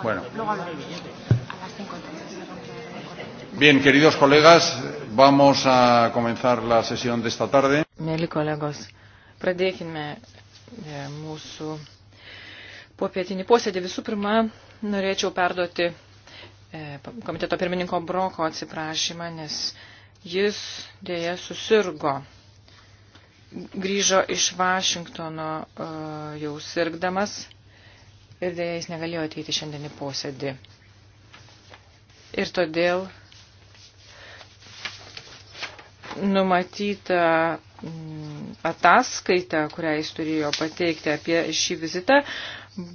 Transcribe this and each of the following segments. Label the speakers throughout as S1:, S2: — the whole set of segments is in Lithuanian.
S1: Bueno. Bien, queridos colegas, vamos a comenzar la sesión de esta tarde.
S2: Mėly kolegos, pradėkime e, mūsų popietinį posėdį. Visų pirma, norėčiau perduoti e, komiteto pirmininko Broko atsiprašymą, nes jis dėja susirgo. Grįžo iš Vašingtono e, jau sirgdamas ir dėja jis negalėjo ateiti šiandien į posėdį. Ir todėl numatyta mm, ataskaita, kurią jis turėjo pateikti apie šį vizitą,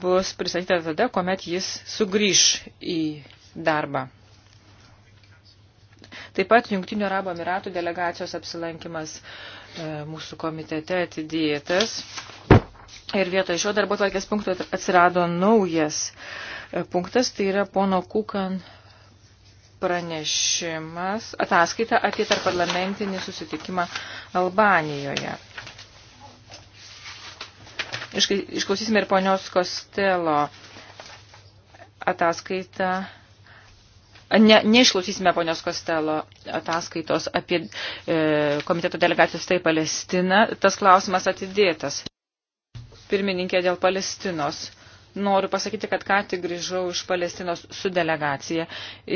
S2: bus pristatyta tada, kuomet jis sugrįž į darbą. Taip pat Jungtinių Arabo Emiratų delegacijos apsilankimas e, mūsų komitete atidėtas. Ir vietoj šio darbo tvarkės punkto atsirado naujas e, punktas, tai yra pono Kukan pranešimas, ataskaita apie tarparlamentinį susitikimą Albanijoje. Išklausysime ir ponios Kostelo ataskaitą. Ne, neišklausysime ponios Kostelo ataskaitos apie e, komiteto delegacijos tai Palestina. Tas klausimas atidėtas pirmininkė dėl Palestinos. Noriu pasakyti, kad ką tik grįžau iš Palestinos su delegacija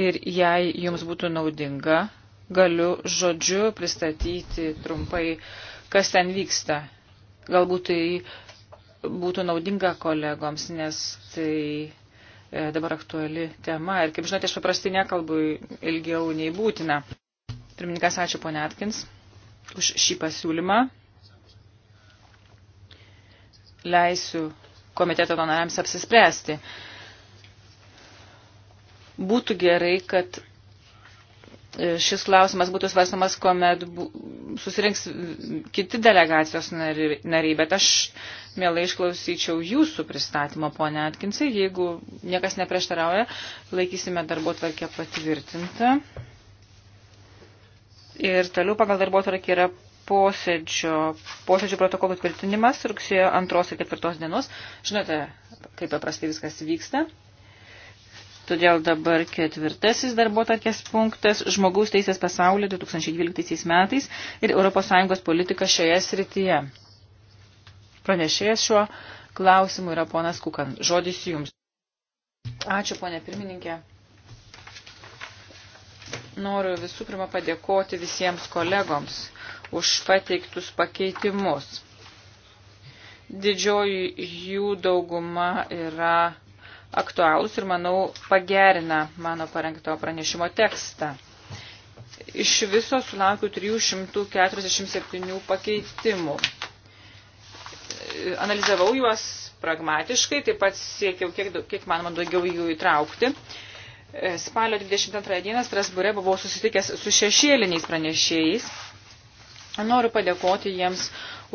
S2: ir jei jums būtų naudinga, galiu žodžiu pristatyti trumpai, kas ten vyksta. Galbūt tai būtų naudinga kolegoms, nes tai e, dabar aktuali tema. Ir kaip žinote, aš paprastai nekalbu ilgiau nei būtina. Pirmininkas, ačiū ponė Atkins už šį pasiūlymą leisiu komiteto nariams apsispręsti. Būtų gerai, kad e, šis klausimas būtų svarstamas, kuomet susirinks kiti delegacijos nariai, bet aš mielai išklausyčiau jūsų pristatymo, ponia Atkinsai, jeigu niekas neprieštarauja, laikysime darbo tvarkę patvirtintą. Ir toliau pagal darbo tvarkį yra posėdžio, posėdžio protokolų tvirtinimas rugsėjo 2 ir 4 dienos. Žinote, kaip paprastai viskas vyksta. Todėl dabar ketvirtasis darbo takės punktas – žmogaus teisės pasaulio 2012 metais ir ES politika šioje srityje. Pranešėjas šiuo klausimu yra ponas Kukan. Žodis jums. Ačiū, ponė pirmininkė. Noriu visų pirma padėkoti visiems kolegoms už pateiktus pakeitimus. Didžioji jų dauguma yra aktualūs ir, manau, pagerina mano parengto pranešimo tekstą. Iš viso sulaukiu 347 pakeitimų. Analizavau juos pragmatiškai, taip pat siekiau kiek, kiek manoma daugiau jų įtraukti. Uh, E, spalio 22 dieną Strasbūre buvau susitikęs su šešėliniais pranešėjais. Noriu padėkoti jiems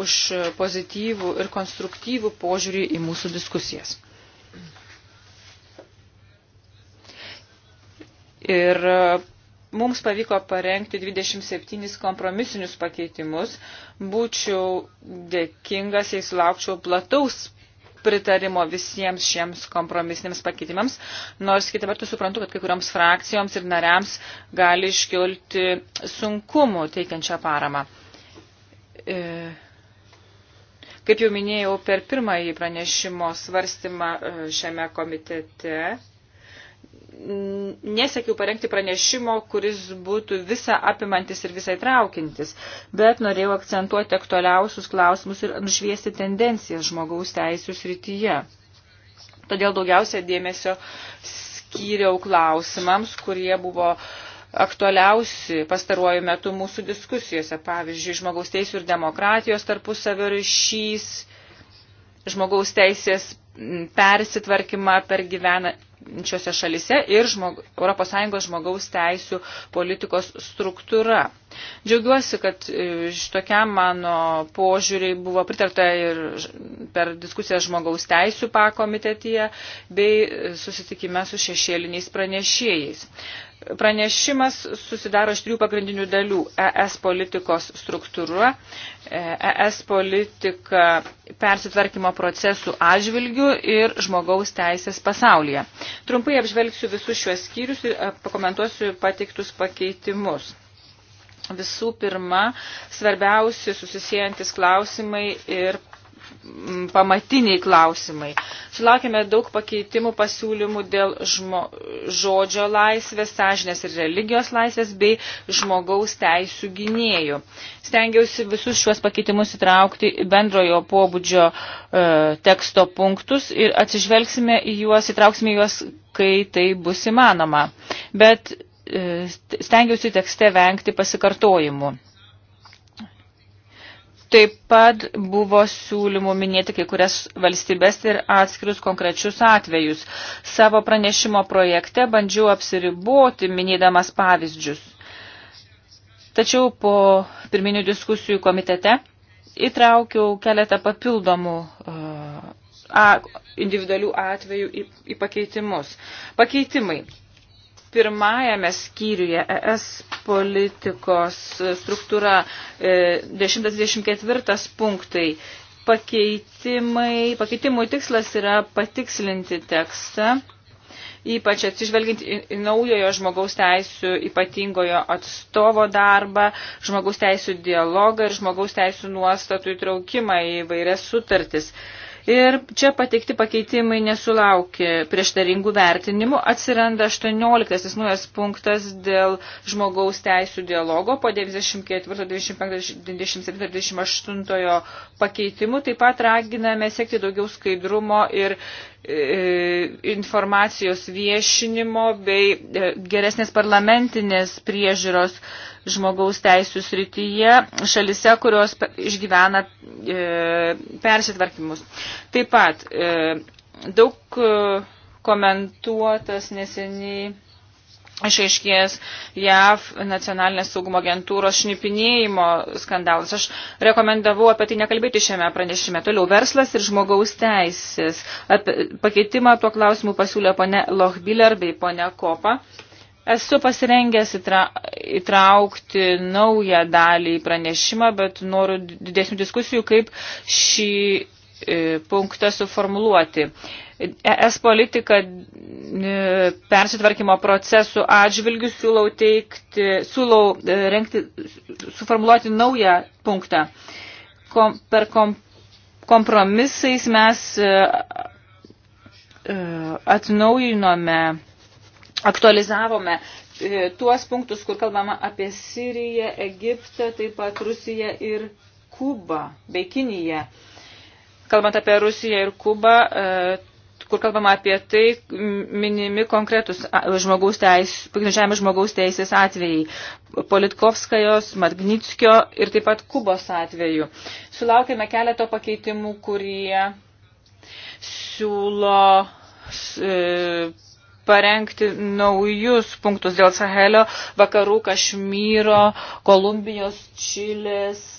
S2: už pozityvų ir konstruktyvų požiūrį į mūsų diskusijas. Ir e, mums pavyko parengti 27 kompromisinius pakeitimus. Būčiau dėkingas, jei sulaukčiau plataus pritarimo visiems šiems kompromisiniams pakeitimams, nors kitą vertus suprantu, kad kai kurioms frakcijoms ir nariams gali iškilti sunkumų teikiančią paramą. E... Kaip jau minėjau, per pirmąjį pranešimo svarstymą e, šiame komitete nesiekiau parengti pranešimo, kuris būtų visą apimantis ir visai traukintis, bet norėjau akcentuoti aktualiausius klausimus ir nušviesti tendencijas žmogaus teisų srityje. Todėl daugiausia dėmesio skyriau klausimams, kurie buvo aktualiausi pastaruoju metu mūsų diskusijose, pavyzdžiui, žmogaus teisų ir demokratijos tarpusavio ryšys, žmogaus teisės persitvarkymą per gyvena, šiuose šalise ir žmog, ES žmogaus teisų politikos struktūra. Džiaugiuosi, kad e, šitokiam mano požiūriai buvo pritarta ir per diskusiją žmogaus teisų pakomitetyje bei e, susitikime su šešėliniais pranešėjais. Pranešimas susidaro iš trijų pagrindinių dalių e - ES politikos struktūra, ES e politika persitvarkymo procesų atžvilgių ir žmogaus teisės pasaulyje. Trumpai apžvelgsiu visus šiuos skyrius ir e, pakomentuosiu pateiktus pakeitimus. Visų pirma, svarbiausi susisiejantis klausimai ir pamatiniai klausimai. Sulaukime daug pakeitimų pasiūlymų dėl žmo, žodžio laisvės, sąžinės ir religijos laisvės bei žmogaus teisų gynėjų. Stengiausi visus šiuos pakeitimus įtraukti į bendrojo pobūdžio e, teksto punktus ir atsižvelgsime į juos, įtrauksime juos, kai tai bus įmanoma. Bet e, stengiausi tekste vengti pasikartojimų. Taip pat buvo siūlymų minėti kai kurias valstybės ir atskirius konkrečius atvejus. Savo pranešimo projekte bandžiau apsiriboti, minėdamas pavyzdžius. Tačiau po pirminių diskusijų komitete įtraukiau keletą papildomų uh, individualių atvejų į, į pakeitimus. Pakeitimai pirmajame skyriuje ES politikos struktūra 1024 e, punktai. Pakeitimai, pakeitimų tikslas yra patikslinti tekstą, ypač atsižvelgiant į, į naujojo žmogaus teisų ypatingojo atstovo darbą, žmogaus teisų dialogą ir žmogaus teisų nuostatų įtraukimą į vairias sutartis. E, Ir čia pateikti pakeitimai nesulaukė prieštaringų vertinimų. Atsiranda 18 nuojas punktas dėl žmogaus teisų dialogo po 94, 25, 27, 28 pakeitimų. Taip pat raginame siekti daugiau skaidrumo ir E, informacijos viešinimo bei e, geresnės parlamentinės priežiūros žmogaus teisų srityje šalise, kurios išgyvena e, persitvarkymus. Taip pat daug komentuotas neseniai išaiškės JAV nacionalinės saugumo agentūros šnipinėjimo skandalas. Aš rekomendavau apie tai nekalbėti šiame pranešime. Toliau verslas ir žmogaus teisės. Apie pakeitimą tuo klausimu pasiūlė pone Lochbiller bei pone Kopa. Esu pasirengęs įtra, įtraukti naują dalį į pranešimą, bet noriu didesnių diskusijų, kaip šį e, punktą suformuluoti. E, ES politiką e, persitvarkymo procesų atžvilgių siūlau teikti, siūlau e, renkti, suformuluoti naują punktą. Kom, per kom, kompromisais mes e, atnaujinome, aktualizavome tuos punktus, kur kalbama apie Siriją, Egiptą, taip pat Rusiją ir Kubą bei Kiniją. Kalbant apie Rusiją ir Kubą, kur kalbama apie tai, minimi konkretus žmogaus teis, piknaudžiavimo žmogaus teisės atvejai. Politkovskajos, Magnitskio ir taip pat Kubos atveju. Sulaukėme keleto pakeitimų, kurie siūlo e, parengti naujus punktus dėl Sahelio, vakarų Kašmyro, Kolumbijos, Čilės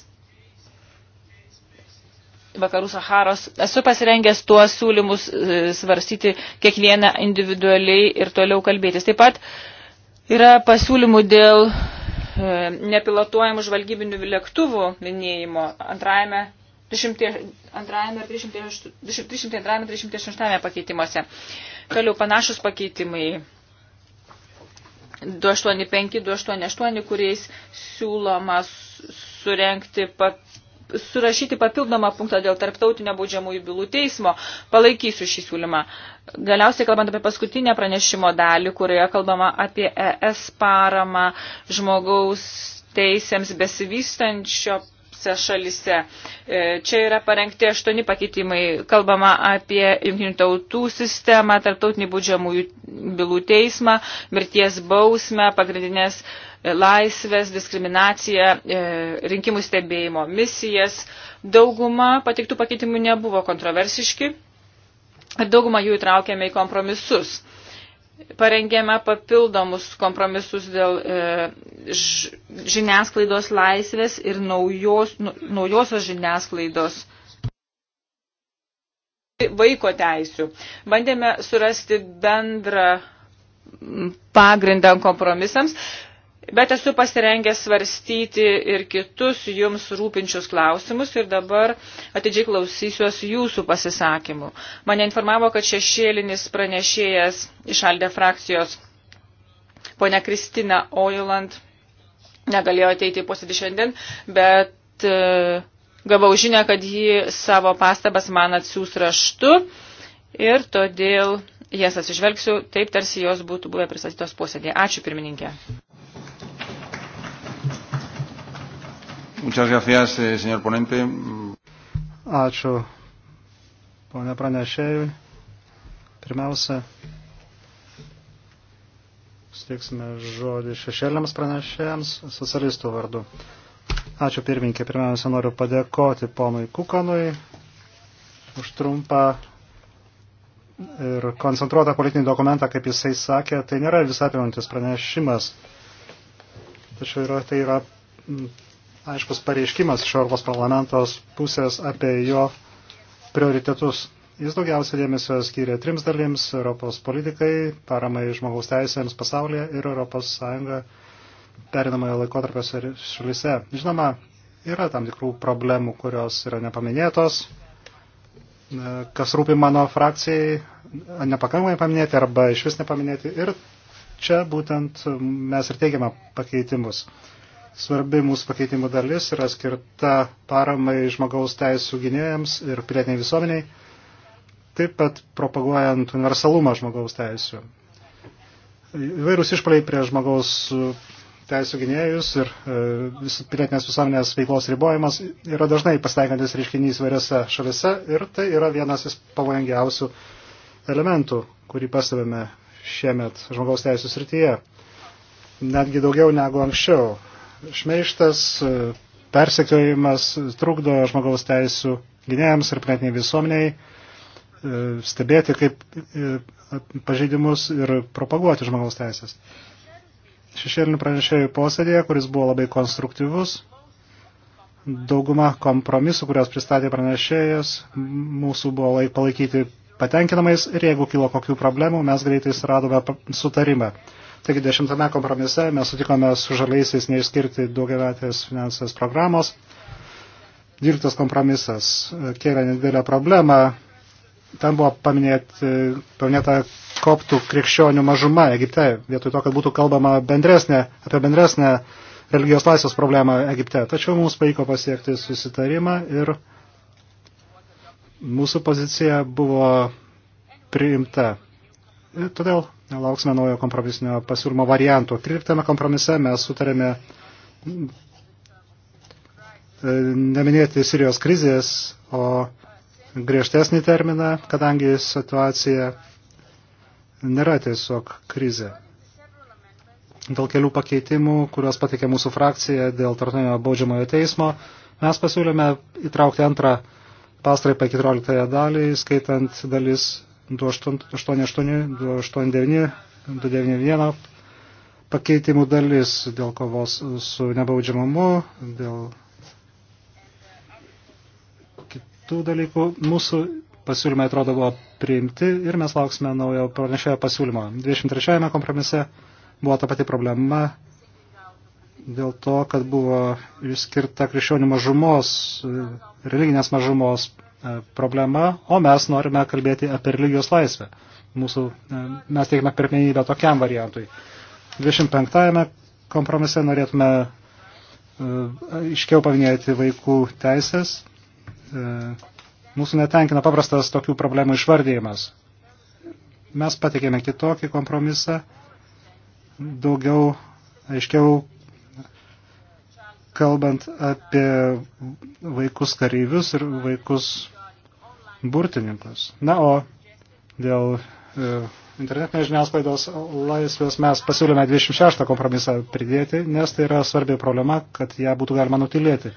S2: vakarų Saharos. Esu pasirengęs tuos siūlymus e, svarstyti kiekvieną individualiai ir toliau kalbėtis. Taip pat yra pasiūlymų dėl e, nepilotuojamų žvalgybinių lėktuvų minėjimo antrajame 302-308 pakeitimuose. Toliau panašus pakeitimai 285-288, kuriais siūlomas surenkti pat surašyti papildomą punktą dėl tarptautinio baudžiamųjų bylų teismo. Palaikysiu šį siūlymą. Galiausiai kalbant apie paskutinę pranešimo dalį, kurioje kalbama apie ES paramą žmogaus teisėms besivystančio šalise. E, čia yra parengti aštuoni pakeitimai. Kalbama apie jungtinių tautų sistemą, tarptautinį būdžiamųjų bylų teismą, mirties bausmę, pagrindinės uh, laisvės, diskriminaciją, e, rinkimų stebėjimo misijas. Dauguma patiktų pakeitimų nebuvo kontroversiški ir daugumą jų įtraukėme į kompromisus. Parengėme papildomus kompromisus dėl e, žiniasklaidos laisvės ir naujos, nu, naujosios žiniasklaidos vaiko teisių. Bandėme surasti bendrą pagrindą kompromisams, Bet esu pasirengęs svarstyti ir kitus jums rūpinčius klausimus ir dabar atidžiai klausysiuos jūsų pasisakymų. Mane informavo, kad šešėlinis pranešėjas išaldė frakcijos ponia Kristina Oiland negalėjo ateiti į posėdį šiandien, bet e, gavau žinę, kad ji savo pastabas man atsiūs raštu ir todėl jas atsižvelgsiu taip, tarsi jos būtų buvę pristatytos posėdėje. Ačiū pirmininkė.
S1: Muchas gracias, eh, señor ponente.
S3: Ačiū, pone pranešėjui. Pirmiausia, steiksime žodį šešėliams pranešėjams socialistų vardu. Ačiū pirminkė. Pirmiausia, noriu padėkoti ponui Kukanui už trumpą ir koncentruotą politinį dokumentą, kaip jisai sakė. Tai nėra visapimantis pranešimas, tačiau yra, tai yra aiškus pareiškimas iš Europos parlamentos pusės apie jo prioritetus. Jis daugiausia dėmesio skyrė trims dalims - Europos politikai, paramai žmogaus teisėms pasaulyje ir Europos Sąjunga perinamojo laikotarpio šalyse. Žinoma, yra tam tikrų problemų, kurios yra nepaminėtos, kas rūpi mano frakcijai, nepakankamai paminėti arba iš vis nepaminėti. Ir čia būtent mes ir teigiame pakeitimus. Svarbi mūsų pakeitimų dalis yra skirta paramai žmogaus teisų gynėjams ir pilietiniai visuomeniai, taip pat propaguojant universalumą žmogaus teisų. Įvairūs išpaliai prie žmogaus teisų gynėjus ir e, vis, pilietinės visuomenės veiklos ribojimas yra dažnai pasteikantis reiškinys vairiose šalise ir tai yra vienas pavojingiausių elementų, kurį pastebėme šiemet žmogaus teisų srityje. Netgi daugiau negu anksčiau šmeištas, e, persekiojimas trukdo žmogaus teisų gynėjams ir plėtiniai visuomeniai e, stebėti kaip e, pažeidimus ir propaguoti žmogaus teisės. Šešėlinių pranešėjų posėdėje, kuris buvo labai konstruktyvus, dauguma kompromisų, kurios pristatė pranešėjas, mūsų buvo palaikyti patenkinamais ir jeigu kilo kokių problemų, mes greitai suradome sutarimą. Taigi dešimtame kompromise mes sutikome su žaliaisiais neišskirti daugiavetės finansės programos. Dvyliktas kompromisas e, kėlė nedidelę problemą. Ten buvo paminėti, paminėta koptų krikščionių mažuma Egipte, vietoj to, kad būtų kalbama bendresnė, apie bendresnę religijos laisvės problemą Egipte. Tačiau mums pavyko pasiekti susitarimą ir mūsų pozicija buvo priimta. Ir e, todėl lauksime naujo kompromisinio pasiūlymo varianto. 13 kompromise mes sutarėme e, neminėti Sirijos krizės, o griežtesnį terminą, kadangi situacija nėra tiesiog krizė. Dėl kelių pakeitimų, kuriuos patikė mūsų frakcija dėl tartunio baudžiamojo teismo, mes pasiūlėme įtraukti antrą pastraipą 14 dalį, skaitant dalis 288, 289, 291 pakeitimų dalis dėl kovos su nebaudžiamumu, dėl kitų dalykų. Mūsų pasiūlymai atrodo buvo priimti ir mes lauksime naujo pranešėjo pasiūlymo. 23 kompromise buvo ta pati problema dėl to, kad buvo išskirta krikščionių mažumos, religinės mažumos E, problema, o mes norime kalbėti apie religijos laisvę. Mūsų, e, mes teikime pirmenybę tokiam variantui. 25 kompromise norėtume e, iškiau paminėti vaikų teisės. Mūsų netenkina paprastas tokių problemų išvardėjimas. Mes patikėme kitokį kompromisą, daugiau aiškiau kalbant apie vaikus kareivius ir vaikus burtininkus. Na, o dėl e, internetinės žiniasklaidos laisvės mes pasiūlėme 26 kompromisą pridėti, nes tai yra svarbi problema, kad ją būtų galima nutilėti.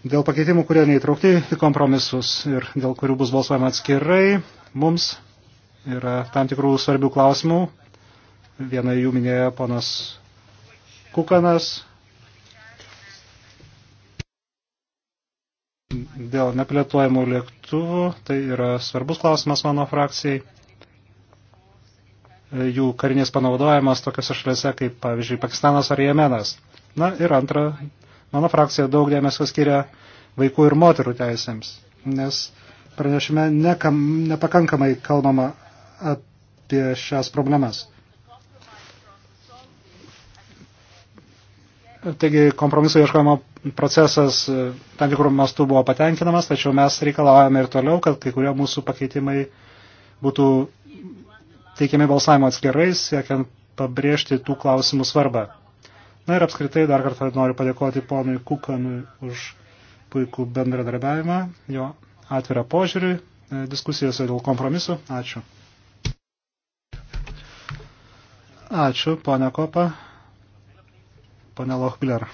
S3: Dėl pakeitimų, kurie neįtraukti į kompromisus ir dėl kurių bus balsuojama atskirai, mums yra tam tikrų svarbių klausimų. Vieną jų minėjo ponas Kukanas, dėl nepilotuojamų lėktuvų. Tai yra svarbus klausimas mano frakcijai. Jų karinės panaudojimas tokiose šalise kaip, pavyzdžiui, Pakistanas ar Jemenas. Na ir antra, mano frakcija daug dėmesio skiria vaikų ir moterų teisėms, nes pranešime nekam, nepakankamai kalbama apie šias problemas. Taigi kompromiso ieškojimo procesas e, tam tikrų mastų buvo patenkinamas, tačiau mes reikalavome ir toliau, kad kai kurie mūsų pakeitimai būtų teikiami balsavimo atskirais, siekiant pabrėžti tų klausimų svarbą. Na ir apskritai dar kartą noriu padėkoti ponui Kukanui už puikų bendradarbiavimą, jo atvirą požiūrį, e, diskusijose dėl kompromisų. Ačiū. Ačiū, ponia Kopa. Pane Lochbiller.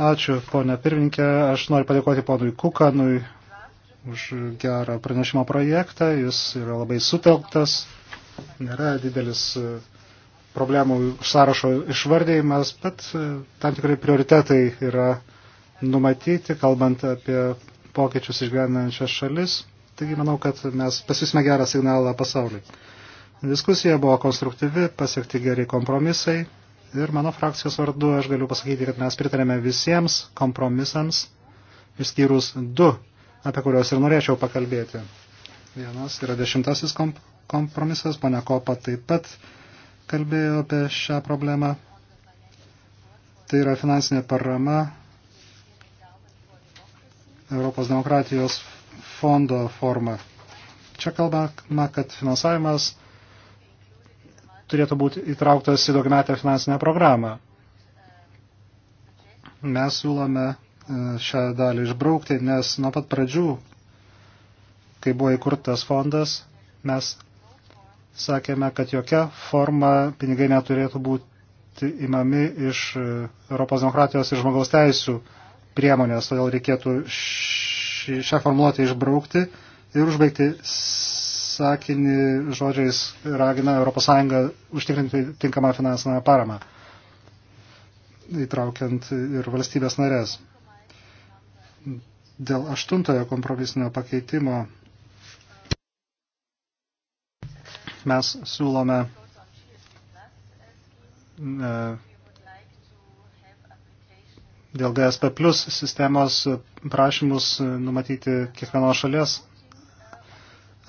S3: Ačiū, ponė pirmininkė. Aš noriu padėkoti ponui Kukanui už gerą pranešimo projektą. Jis yra labai sutelktas. Nėra didelis e, problemų sąrašo išvardėjimas, bet e, tam tikrai prioritetai yra numatyti, kalbant apie pokyčius išgyvenančias šalis. Taigi manau, kad mes pasisime gerą signalą pasauliui. Diskusija buvo konstruktyvi, pasiekti geri kompromisai ir mano frakcijos vardu aš galiu pasakyti, kad mes pritarėme visiems kompromisams, išskyrus du, apie kuriuos ir norėčiau pakalbėti. Vienas yra dešimtasis komp kompromisas, pane Kopa taip pat kalbėjo apie šią problemą. Tai yra finansinė parama Europos demokratijos fondo forma. Čia kalbama, kad finansavimas turėtų būti įtrauktas į daugiametę finansinę programą. Mes siūlome e, šią dalį išbraukti, nes nuo pat pradžių, kai buvo įkurtas fondas, mes sakėme, kad jokia forma pinigai neturėtų būti imami iš e, Europos demokratijos ir žmogaus teisų priemonės, todėl reikėtų šį, šią formuluotę išbraukti ir užbaigti sakinį žodžiais ragina ES užtikrinti tinkamą finansinę paramą, įtraukiant ir valstybės narės. Dėl aštuntojo kompromisinio pakeitimo mes siūlome e, dėl DSP plus sistemos prašymus numatyti kiekvienos šalies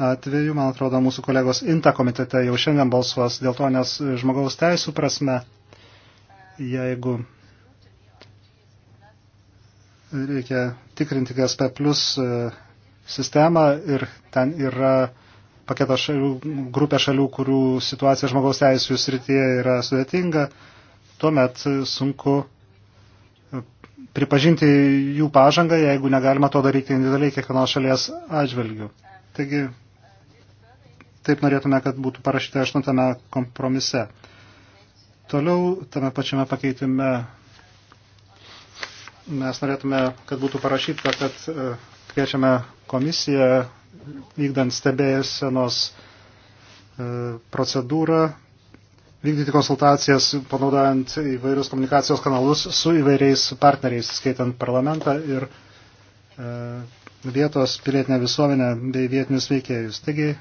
S3: atveju, man atrodo, mūsų kolegos INTA komitete jau šiandien balsuos dėl to, nes žmogaus teisų prasme, jeigu reikia tikrinti GSP plus e, sistemą ir ten yra paketo šalių, grupė šalių, kurių situacija žmogaus teisų srityje yra sudėtinga, tuomet sunku e, pripažinti jų pažangą, jeigu negalima to daryti individualiai kiekvienos šalies atžvilgių. Taigi Taip norėtume, kad būtų parašyta aštuntame kompromise. Toliau tame pačiame pakeitime mes norėtume, kad būtų parašyta, kad e, kviečiame komisiją vykdant stebėjęsenos e, procedūrą, vykdyti konsultacijas, panaudojant įvairius komunikacijos kanalus su įvairiais partneriais, skaitant parlamentą ir e, vietos pilietinę visuomenę bei vietinius veikėjus. Taigi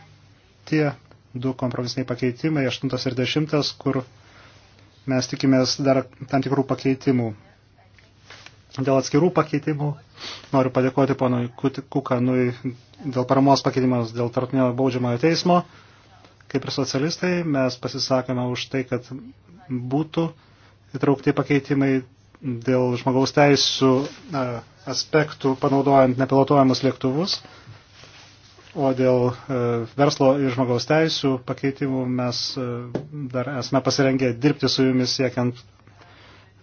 S3: tie du kompromisiniai pakeitimai, 8 ir 10, kur mes tikimės dar tam tikrų pakeitimų. Dėl atskirų pakeitimų noriu padėkoti ponui Kukanui dėl paramos pakeitimams dėl tarptinio baudžiamojo teismo. Kaip ir socialistai, mes pasisakome už tai, kad būtų įtraukti pakeitimai dėl žmogaus teisų aspektų panaudojant nepilotuojamus lėktuvus. O dėl e, verslo ir žmogaus teisų pakeitimų mes e, dar esame pasirengę dirbti su jumis siekiant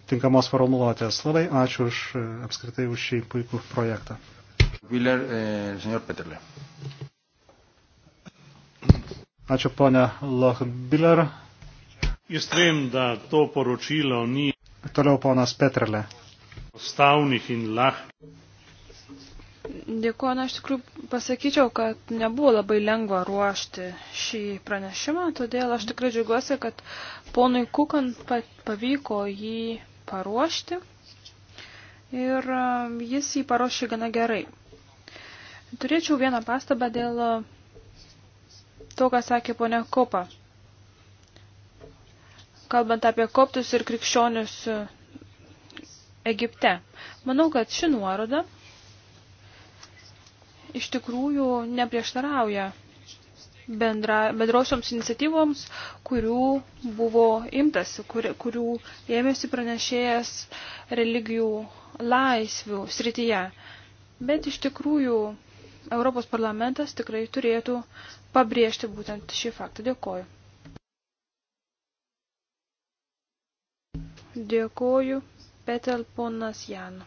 S3: tinkamos formuluotės. Labai ačiū už e, apskritai už šį puikų projektą.
S1: Willer, eh, señor Peterle.
S3: Ačiū ponia Lochbiller. Istrem, da to poročilo ni. Toliau ponas Petrele. Stavnih in lah.
S4: Dėkuoju, na, iš tikrųjų pasakyčiau, kad nebuvo labai lengva ruošti šį pranešimą, todėl aš tikrai džiaugiuosi, kad ponui Kukan pavyko jį paruošti ir e, jis jį paruošė gana gerai. Turėčiau vieną pastabą dėl to, ką sakė ponia Kopa. Kalbant apie koptus ir krikščionius Egipte. Manau, kad ši nuoroda iš tikrųjų neprieštarauja bendra, bendrosioms iniciatyvoms, kurių buvo imtasi, kur, kurių ėmėsi pranešėjas religijų laisvių srityje. Bet iš tikrųjų Europos parlamentas tikrai turėtų pabrėžti būtent šį faktą. Dėkoju. Dėkoju, Petel ponas Janu.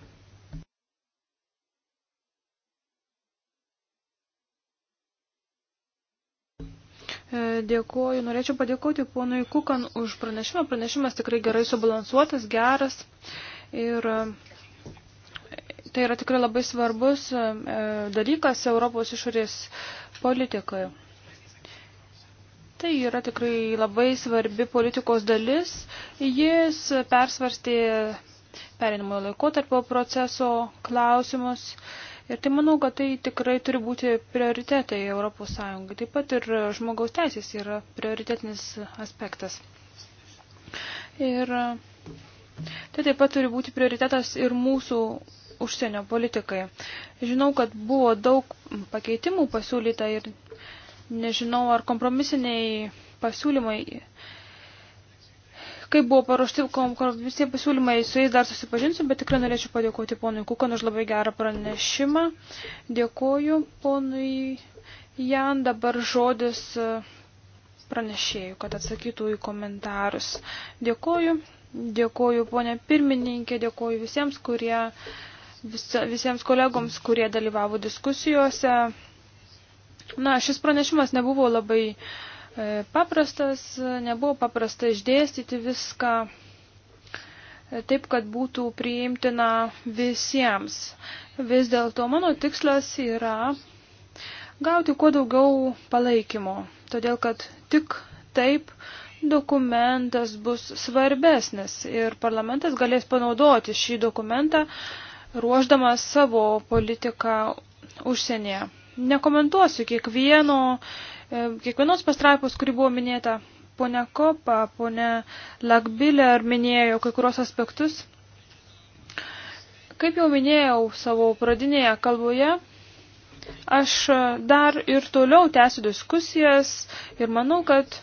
S4: E, dėkuoju. Norėčiau padėkoti ponui Kukan už pranešimą. Pranešimas tikrai gerai subalansuotas, geras. Ir e, tai yra tikrai labai svarbus e, dalykas Europos išorės politikai. Tai yra tikrai labai svarbi politikos dalis. Jis persvarstė perinimo laikotarpio proceso klausimus Ir tai manau, kad tai tikrai turi būti prioritetai Europos Sąjungai. Taip pat ir žmogaus teisės yra prioritetinis aspektas. Ir tai taip pat turi būti prioritetas ir mūsų užsienio politikai. Žinau, kad buvo daug pakeitimų pasiūlyta ir nežinau, ar kompromisiniai pasiūlymai kaip buvo paruošti visi pasiūlymai, su jais dar susipažinsiu, bet tikrai norėčiau padėkoti ponui Kukan už labai gerą pranešimą. Dėkoju ponui Jan, dabar žodis e, pranešėjų, kad atsakytų į komentarus. Dėkoju, dėkoju ponė pirmininkė, dėkoju visiems, kurie, vis, visiems kolegoms, kurie dalyvavo diskusijose. Na, šis pranešimas nebuvo labai uh, E, paprastas, nebuvo paprasta išdėstyti viską e, taip, kad būtų priimtina visiems. Vis dėlto mano tikslas yra gauti kuo daugiau palaikymo, todėl kad tik taip dokumentas bus svarbesnis ir parlamentas galės panaudoti šį dokumentą ruoždamas savo politiką užsienyje. Nekomentuosiu kiekvieno E, kiekvienos pastraipos, kuri buvo minėta, ponia Kopa, ponia Lagbilė ar minėjo kai kurios aspektus. Kaip jau minėjau savo pradinėje kalboje, aš dar ir toliau tęsiu diskusijas ir manau, kad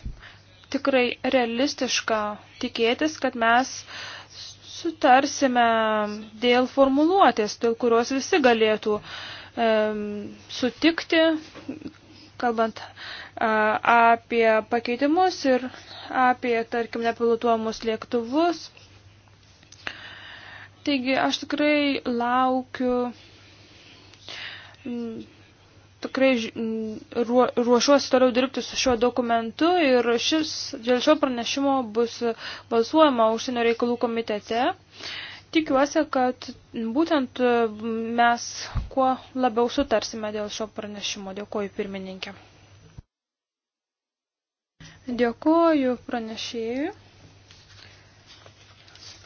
S4: tikrai realistiška tikėtis, kad mes sutarsime dėl formuluotės, dėl kurios visi galėtų e, sutikti, kalbant apie pakeitimus ir apie, tarkim, nepilotuomus lėktuvus. Taigi aš tikrai laukiu, tikrai ruošuosi toliau dirbti su šiuo dokumentu ir šis, dėl šio pranešimo bus balsuojama užsienio reikalų komitete. Uh, Tikiuosi, kad būtent e, mes kuo labiau sutarsime dėl šio pranešimo. Dėkuoju pirmininkė. Dėkuoju pranešėjui.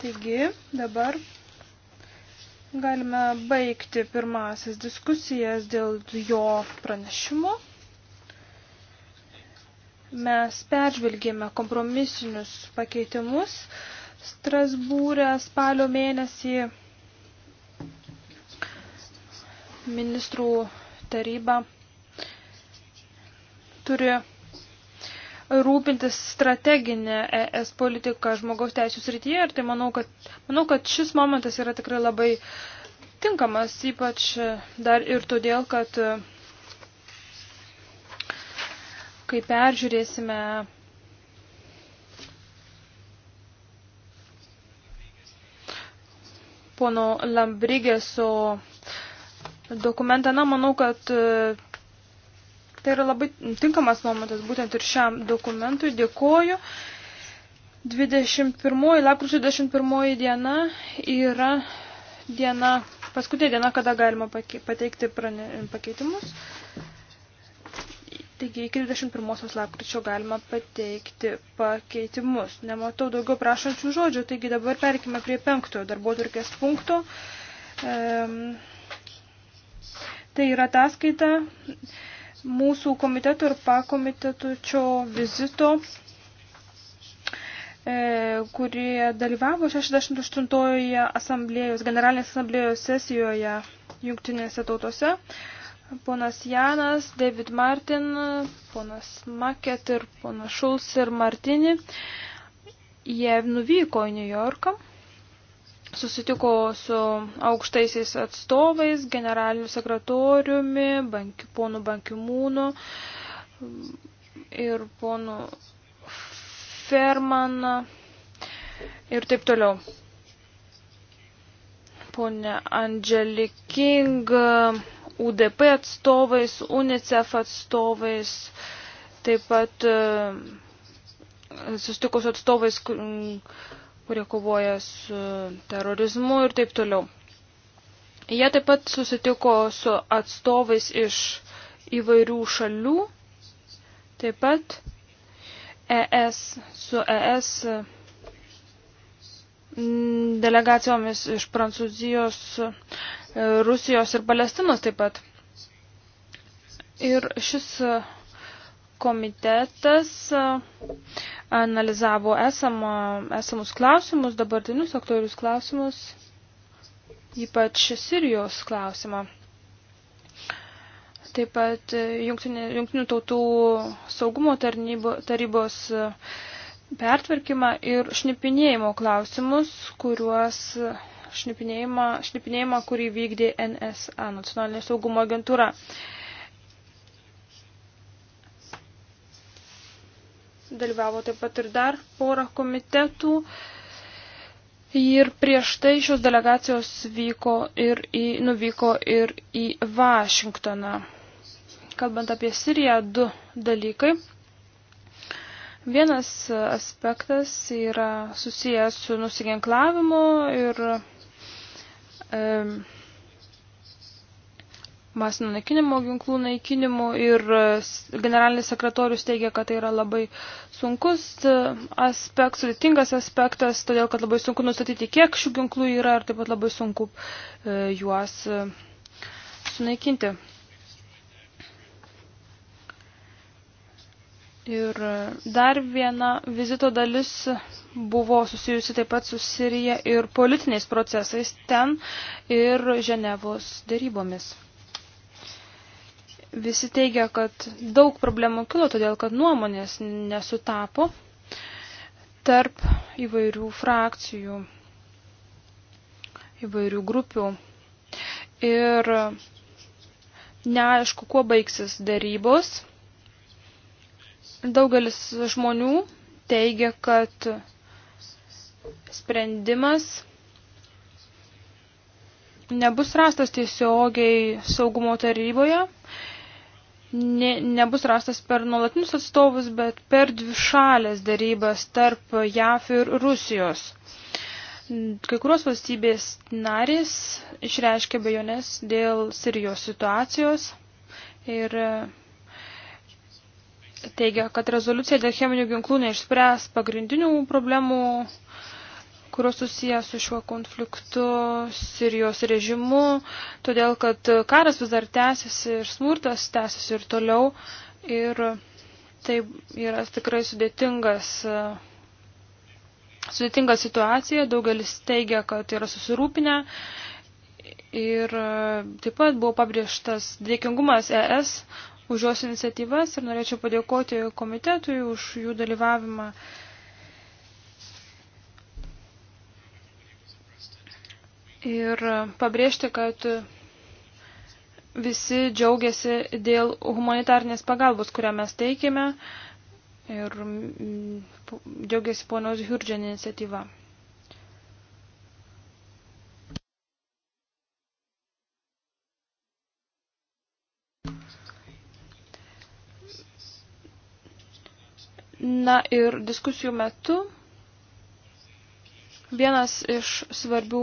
S4: Taigi, dabar galime baigti pirmasis diskusijas dėl jo pranešimo. Mes peržvelgėme kompromisinius pakeitimus. Strasbūrė spalio mėnesį ministrų taryba turi rūpintis strateginę ES politiką žmogaus teisų srityje ir tai manau, kad, manau, kad šis momentas yra tikrai labai tinkamas, ypač dar ir todėl, kad kai peržiūrėsime pono Lambrigeso dokumentą. Na, manau, kad e, tai yra labai tinkamas momentas būtent ir šiam dokumentui. Dėkoju. 21, lapkričio 21 diena yra diena, paskutinė diena, kada galima pateikti prane, pakeitimus. Taigi iki 21 lapkričio galima pateikti pakeitimus. Nematau daugiau prašančių žodžių, taigi dabar perkime prie penktojo darbotvarkės punkto. Ehm, tai yra ataskaita mūsų komiteto ir pakomiteto čio vizito, e, kurie dalyvavo 68-oje asamblėjos, generalinės asamblėjos sesijoje jungtinėse tautose. E, ponas Janas, David Martin, ponas Maket ir ponas Šuls ir Martini. Jie nuvyko į New Yorką, susitiko su aukštaisiais atstovais, generaliniu sekretoriumi, banki, ponu Bankimūnu ir ponu Ferman ir taip toliau. Pone Angeliking, UDP atstovais, UNICEF atstovais, taip pat e, sustikus atstovais, mm, kurie kovoja su terorizmu ir taip toliau. Jie taip pat susitiko su atstovais iš įvairių šalių, taip pat ES su ES mm, delegacijomis iš Prancūzijos, Rusijos ir Palestinos taip pat. Ir šis e, komitetas e, analizavo esamą, esamus klausimus, dabartinius aktualius klausimus, ypač Sirijos klausimą. Taip pat e, jungtinių, jungtinių tautų saugumo tarnybo, tarybos pertvarkymą ir šnipinėjimo klausimus, kuriuos šnipinėjimą, šnipinėjimą kurį vykdė NSA, Nacionalinė saugumo agentūra. Dalyvavo taip pat ir dar porą komitetų. Ir prieš tai šios delegacijos vyko ir į, nuvyko ir į Vašingtoną. Kalbant apie Siriją, du dalykai. Vienas aspektas yra susijęs su nusiginklavimu ir masinio naikinimo ginklų naikinimu ir e, generalinis sekretorius teigia, kad tai yra labai sunkus e, aspektas, sudėtingas aspektas, todėl kad labai sunku nustatyti, kiek šių ginklų yra ir taip pat labai sunku e, juos sunaikinti. Ir dar viena vizito dalis buvo susijusi taip pat su Sirija ir politiniais procesais ten ir Ženevos dėrybomis. Visi teigia, kad daug problemų kilo, todėl kad nuomonės nesutapo tarp įvairių frakcijų, įvairių grupių. Ir neaišku, kuo baigsis dėrybos Daugelis žmonių teigia, kad sprendimas nebus rastas tiesiogiai saugumo taryboje, ne, nebus rastas per nuolatinius atstovus, bet per dvi šalės darybas tarp JAF ir Rusijos. Kai kurios valstybės narės išreiškė bejonės dėl Sirijos situacijos ir teigia, kad rezoliucija dėl cheminių ginklų neišspręs pagrindinių problemų, kurios susijęs su šiuo konfliktu, Sirijos režimu, todėl kad karas vis dar tęsiasi ir smurtas tęsiasi ir toliau. Ir tai yra tikrai sudėtingas. Sudėtinga situacija, daugelis teigia, kad yra susirūpinę ir taip pat buvo pabrėžtas dėkingumas ES už jos iniciatyvas ir norėčiau padėkoti komitetui už jų dalyvavimą. Ir pabrėžti, kad visi džiaugiasi dėl humanitarnės pagalbos, kurią mes teikėme ir mm, džiaugiasi ponios Hirdžen iniciatyva. Na ir diskusijų metu vienas iš svarbių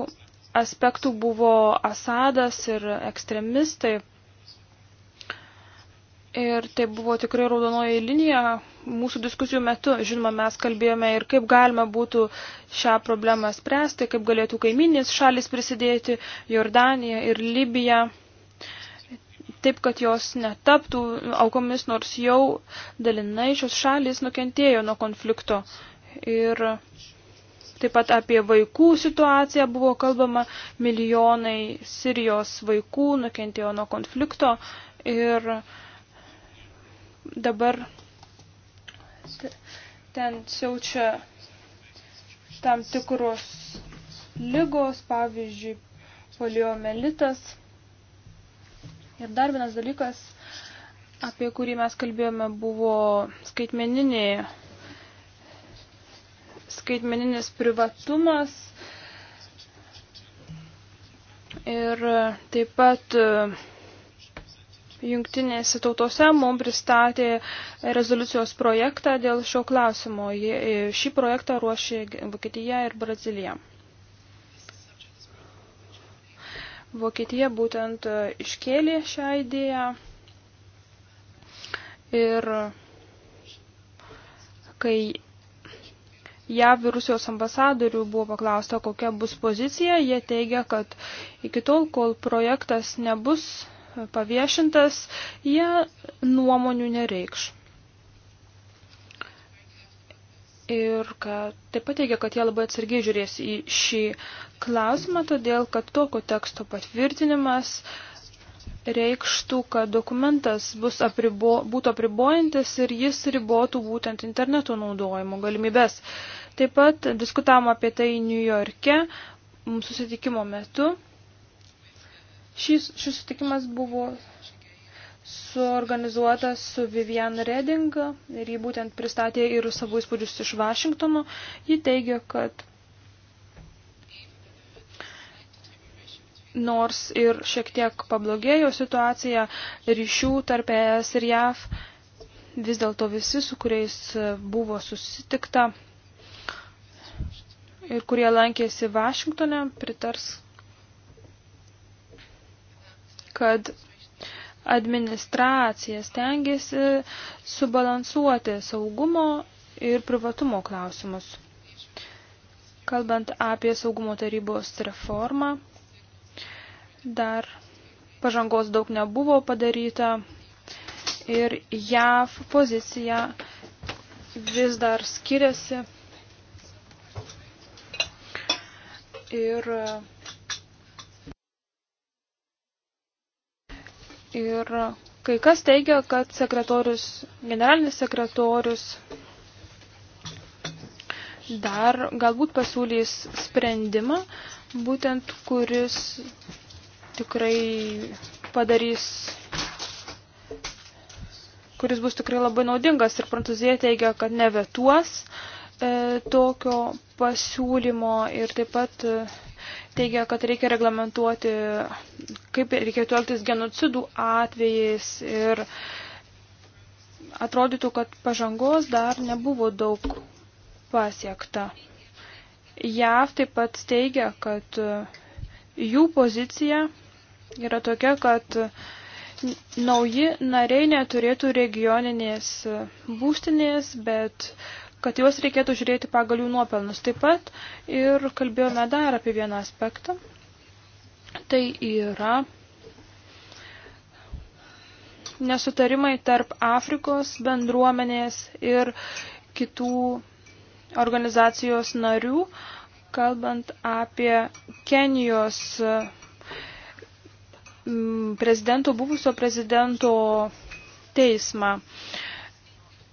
S4: aspektų buvo Asadas ir ekstremistai. Ir tai buvo tikrai raudonoji linija mūsų diskusijų metu. Žinoma, mes kalbėjome ir kaip galima būtų šią problemą spręsti, kaip galėtų kaiminės šalis prisidėti, Jordanija ir Libija taip, kad jos netaptų aukomis, nors jau dalinai šios šalis nukentėjo nuo konflikto. Ir taip pat apie vaikų situaciją buvo kalbama, milijonai Sirijos vaikų nukentėjo nuo konflikto ir dabar ten siaučia tam tikros lygos, pavyzdžiui, poliomelitas. Ir dar vienas dalykas, apie kurį mes kalbėjome, buvo skaitmeniniai, skaitmeninis privatumas ir taip pat e, Jungtinėse tautose mums pristatė rezoliucijos projektą dėl šio klausimo. E, šį projektą ruošė Vokietija ir Brazilija. Vokietija būtent e, iškėlė šią idėją ir kai JAV ir Rusijos ambasadorių buvo paklausta, kokia bus pozicija, jie teigia, kad iki tol, kol projektas nebus paviešintas, jie nuomonių nereikš. ir kad taip pat teigia, kad jie labai atsargiai žiūrės į šį klausimą, todėl kad tokio teksto patvirtinimas reikštų, kad dokumentas bus apribo, būtų apribojantis ir jis ribotų būtent interneto naudojimo galimybės. Taip pat diskutavom apie tai New Yorke susitikimo metu. Šis, šis susitikimas buvo suorganizuota su Vivian Reding ir jį būtent pristatė ir savo įspūdžius iš Vašingtono. Ji teigia, kad nors ir šiek tiek pablogėjo situacija ryšių tarp ES ir JAV, vis dėlto visi, su kuriais buvo susitikta ir kurie lankėsi Vašingtone, pritars kad administracija stengiasi subalansuoti saugumo ir privatumo klausimus. Kalbant apie saugumo tarybos reformą, dar pažangos daug nebuvo padaryta ir JAV pozicija vis dar skiriasi. Ir uh, Ir kai kas teigia, kad sekretorius, generalinis sekretorius dar galbūt pasiūlys sprendimą, būtent kuris tikrai padarys kuris bus tikrai labai naudingas ir Prancūzija teigia, kad nevetuos e, tokio pasiūlymo ir taip pat e, teigia, kad reikia reglamentuoti kaip reikėtų elgtis genocidų atvejais ir atrodytų, kad pažangos dar nebuvo daug pasiekta. JAV taip pat teigia, kad jų pozicija yra tokia, kad nauji nariai neturėtų regioninės būstinės, bet kad juos reikėtų žiūrėti pagal jų nuopelnus. Taip pat ir kalbėjome dar apie vieną aspektą, tai yra nesutarimai tarp Afrikos bendruomenės ir kitų organizacijos narių, kalbant apie Kenijos mm, prezidento, buvusio prezidento teismą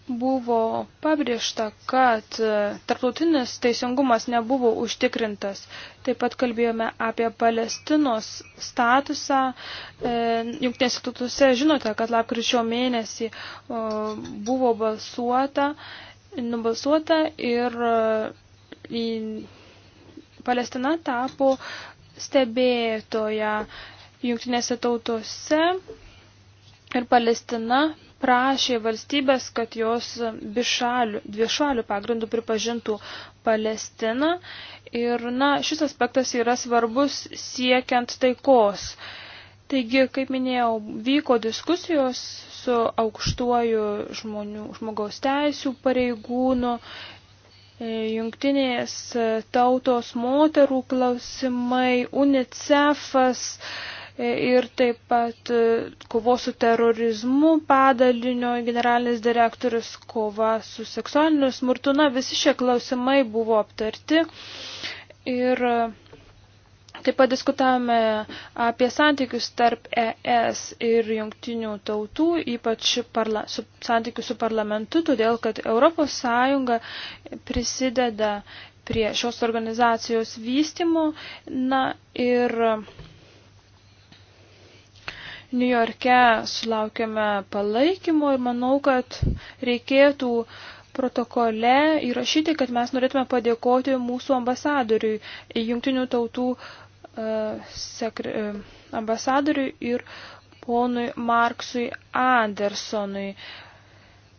S4: buvo pabrėžta, kad e, tarptautinis teisingumas nebuvo užtikrintas. Taip pat kalbėjome apie Palestinos statusą. E, jungtinėse tautose žinote, kad lapkričio mėnesį buvo balsuota, nubalsuota ir e, Palestina tapo stebėtoja Jungtinėse tautose ir Palestina prašė valstybės, kad jos bišalių, dvišalių pagrindų pripažintų Palestiną. Ir, na, šis aspektas yra svarbus siekiant taikos. Taigi, kaip minėjau, vyko diskusijos su aukštuoju žmonių, žmogaus teisų pareigūnu, e, jungtinės tautos moterų klausimai, UNICEF'as, ir taip pat e, kovos su terorizmu padalinio generalinis direktorius, kova su seksualiniu smurtu. Na, visi šie klausimai buvo aptarti ir e, taip pat diskutavome apie santykius tarp ES ir jungtinių tautų, ypač parla, su, santykius su parlamentu, todėl kad ES prisideda prie šios organizacijos vystimo. Na ir New York'e sulaukėme palaikymo ir manau, kad reikėtų protokole įrašyti, kad mes norėtume padėkoti mūsų ambasadoriui, jungtinių tautų e, sekre, e, ambasadoriui ir ponui Marksui Andersonui.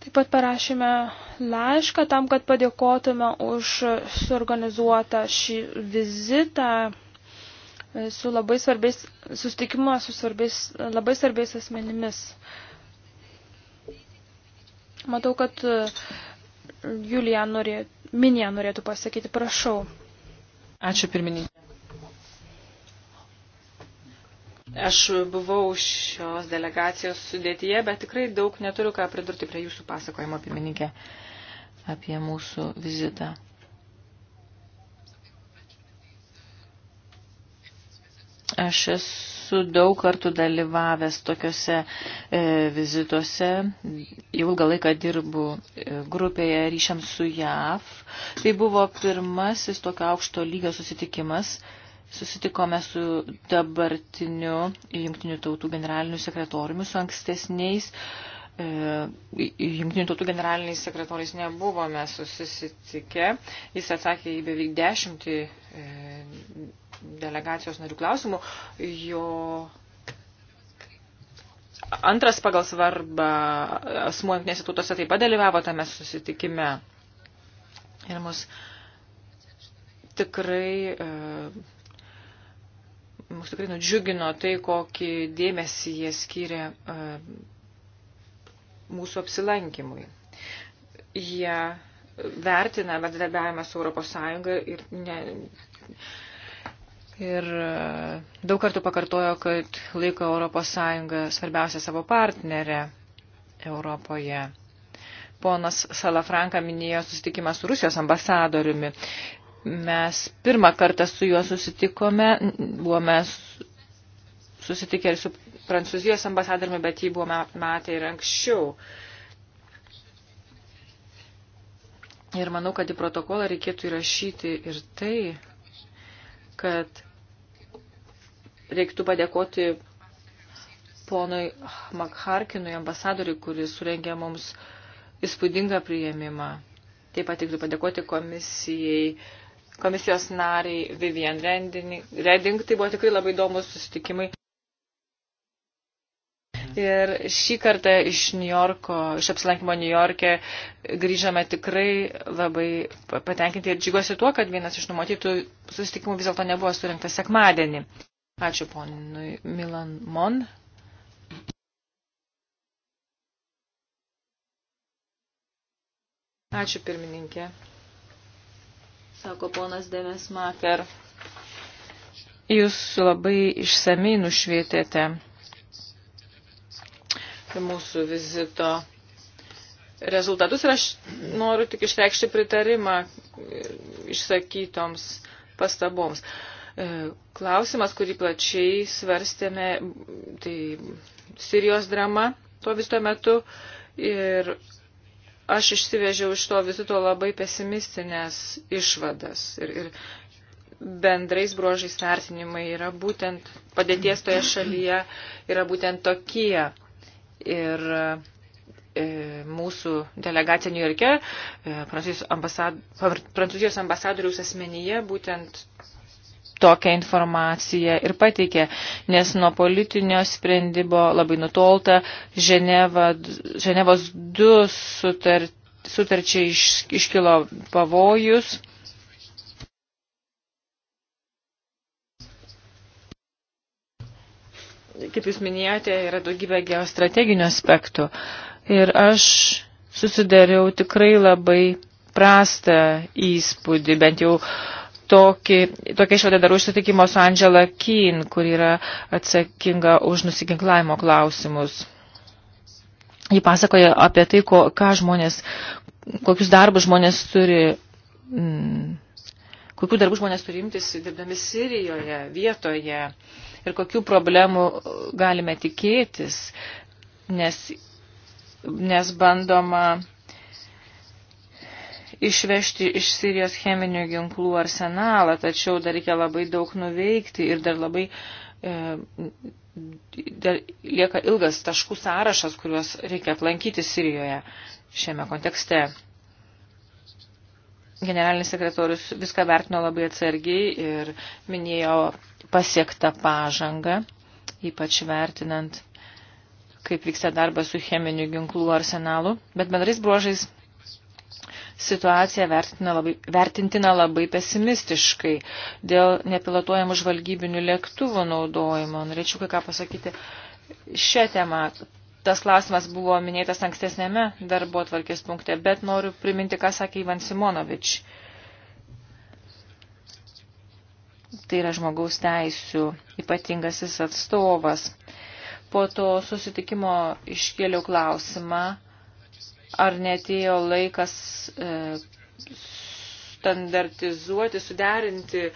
S4: Taip pat parašėme laišką tam, kad padėkotume už suorganizuotą šį vizitą su labai svarbiais, sustikimo su svarbiais, labai svarbiais asmenimis. Matau, kad e, Julija norė, Minija norėtų pasakyti, prašau.
S2: Ačiū pirmininkė. Aš buvau šios delegacijos sudėtyje, bet tikrai daug neturiu ką pridurti prie jūsų pasakojimo, pirmininkė, apie mūsų vizitą. Aš esu daug kartų dalyvavęs tokiuose e, vizituose, ilgą laiką dirbu e, grupėje ryšiams su JAV. Tai buvo pirmasis tokio aukšto lygio susitikimas. Susitikome su dabartiniu jungtinių tautų generaliniu sekretoriumi, su ankstesniais e, E, Junktinių tautų generaliniais sekretoriais nebuvome susitikę. Jis atsakė į beveik dešimtį e, delegacijos narių klausimų. Jo antras pagal svarbą asmuo Junktinėse tautose taip pat dalyvavo tame susitikime. Ir mus tikrai e, mus tikrai nudžiugino tai, kokį dėmesį jie skyrė uh, mūsų apsilankimui. Jie vertina bendradarbiavimą su ES ir, ne, ir e, daug kartų pakartojo, kad laiko ES svarbiausia savo partnerė Europoje. Ponas Salafranka minėjo susitikimą su Rusijos ambasadoriumi. Mes pirmą kartą su juo susitikome, buvome susitikę ir su Prancūzijos ambasadoriumi, bet jį buvome matę ir anksčiau. Ir manau, kad į protokolą reikėtų įrašyti ir tai, kad reiktų padėkoti ponui Makharkinui, ambasadoriui, kuris surengė mums įspūdingą priėmimą. Taip pat reiktų padėkoti komisijai, komisijos nariai Vivian Reding. Tai buvo tikrai labai įdomus susitikimai. Ir šį kartą iš New Yorko, iš apsilankimo New York'e grįžome tikrai labai patenkinti ir džiugosi tuo, kad vienas iš numatytų susitikimų vis dėlto nebuvo surinktas sekmadienį. Ačiū ponui Milan Mon. Ačiū pirmininkė. Sako ponas Demes Maker. Jūs labai išsamei nušvietėte mūsų vizito rezultatus ir aš noriu tik išreikšti pritarimą išsakytoms pastaboms. E, klausimas, kurį plačiai svarstėme, tai Sirijos drama tuo viso metu ir aš išsivežiau iš to vizito labai pesimistinės išvadas ir, ir bendrais bruožais vertinimai yra būtent padėties toje šalyje yra būtent tokie ir e, mūsų delegacija New York'e, e, prancūzijos, ambasad, prancūzijos ambasadoriaus asmenyje būtent tokią informaciją ir pateikė, nes nuo politinio sprendimo labai nutolta Ženeva, Ženevos 2 sutar, sutarčiai iš, iškilo pavojus kaip jūs minėjote, yra daugybė geostrateginių aspektų. Ir aš susidariau tikrai labai prastą įspūdį, bent jau tokį, tokia išvada darau iš sutikimo su Angela Keen, kur yra atsakinga už nusiginklavimo klausimus. Ji pasakoja apie tai, ko, ką žmonės, kokius darbus žmonės turi. Mm, kokių darbų žmonės turi imtis dirbdami Sirijoje, vietoje. Uh, ir kokių problemų galime tikėtis, nes, nes bandoma išvežti iš Sirijos cheminių ginklų arsenalą, tačiau dar reikia labai daug nuveikti ir dar labai e, dar lieka ilgas taškų sąrašas, kuriuos reikia aplankyti Sirijoje šiame kontekste generalinis sekretorius viską vertino labai atsargiai ir minėjo pasiektą pažangą, ypač vertinant, kaip vyksta darbas su cheminiu ginklų arsenalu, bet bendrais bruožais situacija vertina labai, vertintina labai pesimistiškai dėl nepilotuojamų žvalgybinių lėktuvų naudojimo. Norėčiau kai ką pasakyti šią temą. Tas klausimas buvo minėtas ankstesnėme darbo atvarkės punkte, bet noriu priminti, ką sakė Ivan Simonovič. Tai yra žmogaus teisų ypatingasis atstovas. Po to susitikimo iškėliau klausimą, ar netėjo laikas e, standartizuoti, suderinti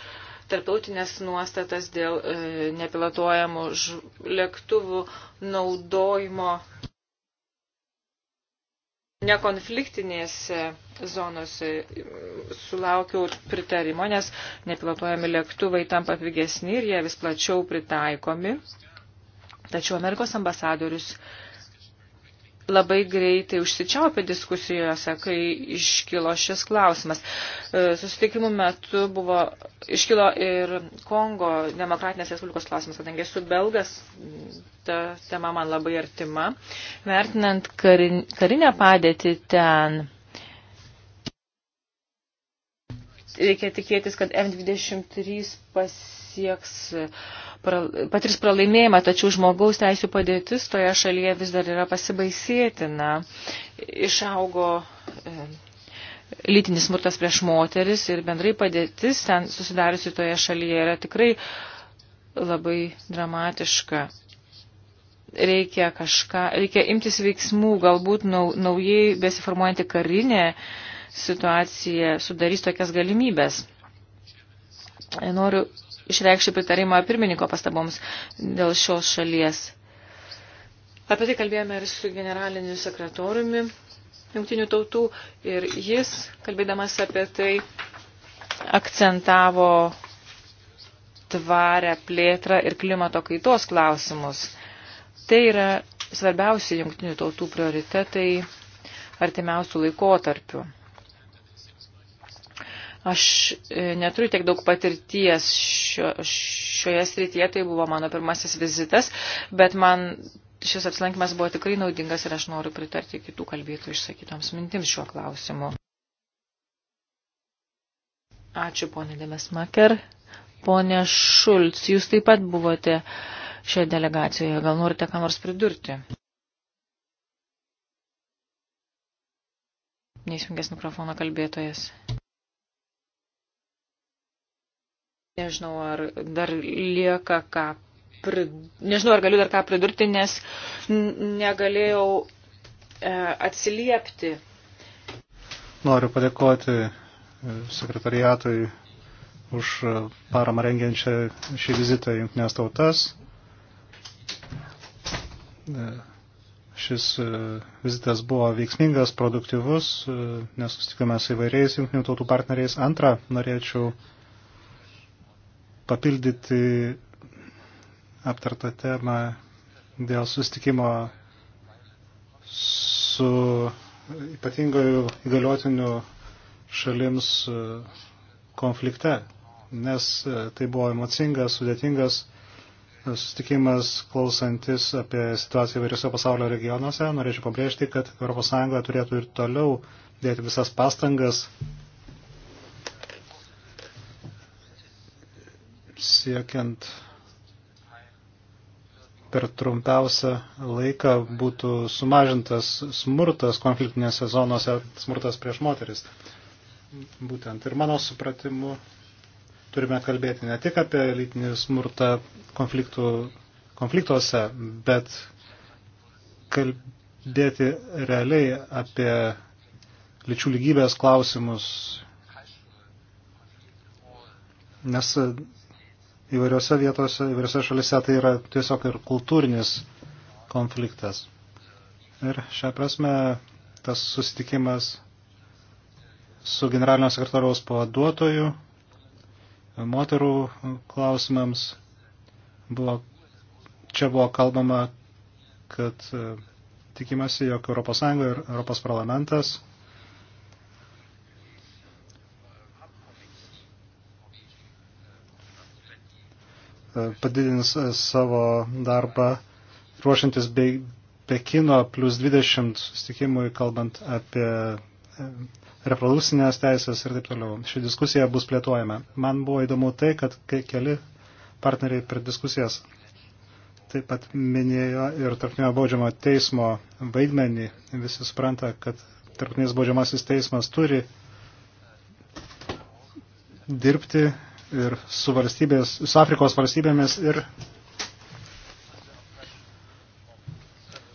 S2: tarptautinės nuostatas dėl e, nepilotuojamų lėktuvų naudojimo nekonfliktinėse zonose sulaukiau pritarimo, nes nepilotuojami lėktuvai tampa pigesni ir jie vis plačiau pritaikomi. Tačiau Amerikos ambasadorius e, labai greitai užsičiaupė diskusijose, kai iškilo šis klausimas. E, susitikimų metu buvo, iškilo ir Kongo demokratinės Respublikos klausimas, kadangi esu belgas, ta tema man labai artima. Vertinant karin, karinę padėtį ten. Reikia tikėtis, kad M23 pasieks uh, pra, patirs pralaimėjimą, tačiau žmogaus teisų padėtis toje šalyje vis dar yra pasibaisėtina. Išaugo e, lytinis smurtas prieš moteris ir bendrai padėtis ten susidariusi toje šalyje yra tikrai labai dramatiška reikia kažką, reikia imtis veiksmų, galbūt nau, naujai besiformuojanti karinė situacija sudarys tokias galimybės. Noriu išreikšti pritarimą pirmininko pastaboms dėl šios šalies. Apie tai kalbėjome ir su generaliniu sekretoriumi jungtinių tautų ir jis, kalbėdamas apie tai, akcentavo tvarę plėtrą ir klimato kaitos klausimus. Tai yra svarbiausi jungtinių tautų prioritetai artimiausių laikotarpių. Aš e, neturiu tiek daug patirties šio, šioje srityje, tai buvo mano pirmasis vizitas, bet man šis apsilankimas buvo tikrai naudingas ir aš noriu pritarti kitų kalbėtų išsakytoms mintims šiuo klausimu. Ačiū, ponė Demesmaker. Pone Šulc, jūs taip pat buvote šioje delegacijoje. Gal norite ką nors pridurti? Neįsijungęs mikrofono kalbėtojas. Nežinau, ar dar lieka ką. Prid... Nežinau, ar galiu dar ką pridurti, nes negalėjau e, atsiliepti.
S3: Noriu padėkoti e, sekretariatui už e, paramą rengiančią šį vizitą Junktinės tautas. E, šis vizitas buvo veiksmingas, produktyvus, nes susitikome su įvairiais Junktinių tautų partneriais. Antra, norėčiau papildyti aptartą temą dėl sustikimo su ypatingoju įgaliotiniu šalims konflikte, nes e, tai buvo emocingas, sudėtingas e, sustikimas klausantis apie situaciją vairiose pasaulio regionuose. Norėčiau pabrėžti, kad ES turėtų ir toliau dėti visas pastangas siekiant per trumpiausią laiką būtų sumažintas smurtas konfliktinėse zonose, smurtas prieš moteris. Būtent ir mano supratimu turime kalbėti ne tik apie lytinį smurtą konfliktų, konfliktuose, bet kalbėti realiai apie lyčių lygybės klausimus. Nes įvairiose vietose, įvairiose šalise tai yra tiesiog ir kultūrinis konfliktas. Ir šią prasme tas susitikimas su generalinio sekretoriaus pavaduotoju moterų klausimams buvo, čia buvo kalbama, kad e, tikimasi, jog ES ir ES parlamentas E, padidins e, savo darbą ruošiantis be, Pekino plus 20 sustikimui, kalbant apie e, reproducinės teisės ir taip toliau. Ši diskusija bus plėtojama. Man buvo įdomu tai, kad keli partneriai per diskusijas taip pat minėjo ir tarptinio baudžiamo teismo vaidmenį. Visi supranta, kad tarptinis baudžiamasis teismas turi dirbti ir su, valstybės, su Afrikos valstybėmis ir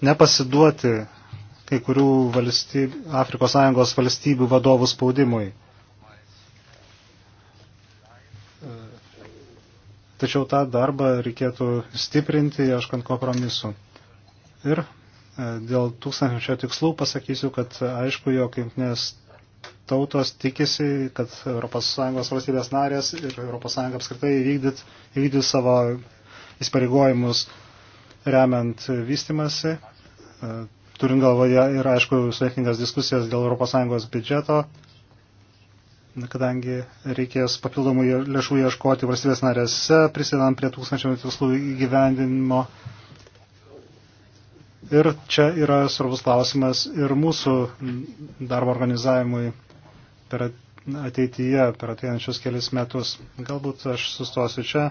S3: nepasiduoti kai kurių valstyb, Afrikos Sąjungos valstybių vadovų spaudimui. Tačiau tą darbą reikėtų stiprinti, ieškant kompromisu. Ir e, dėl tūkstančio tikslų pasakysiu, kad aišku, jog jungtinės tautos tikisi, kad ES valstybės narės ir ES apskritai įvykdyt, įvykdyt savo įsipareigojimus remiant vystimasi, e, turint galvoje ir aišku sveikingas diskusijas dėl ES biudžeto, kadangi reikės papildomų lėšų ieškoti valstybės narėse, prisidant prie tūkstančio tikslų įgyvendinimo Ir čia yra svarbus klausimas ir mūsų darbo organizavimui per ateityje, per ateinančius kelias metus. Galbūt aš sustosiu čia.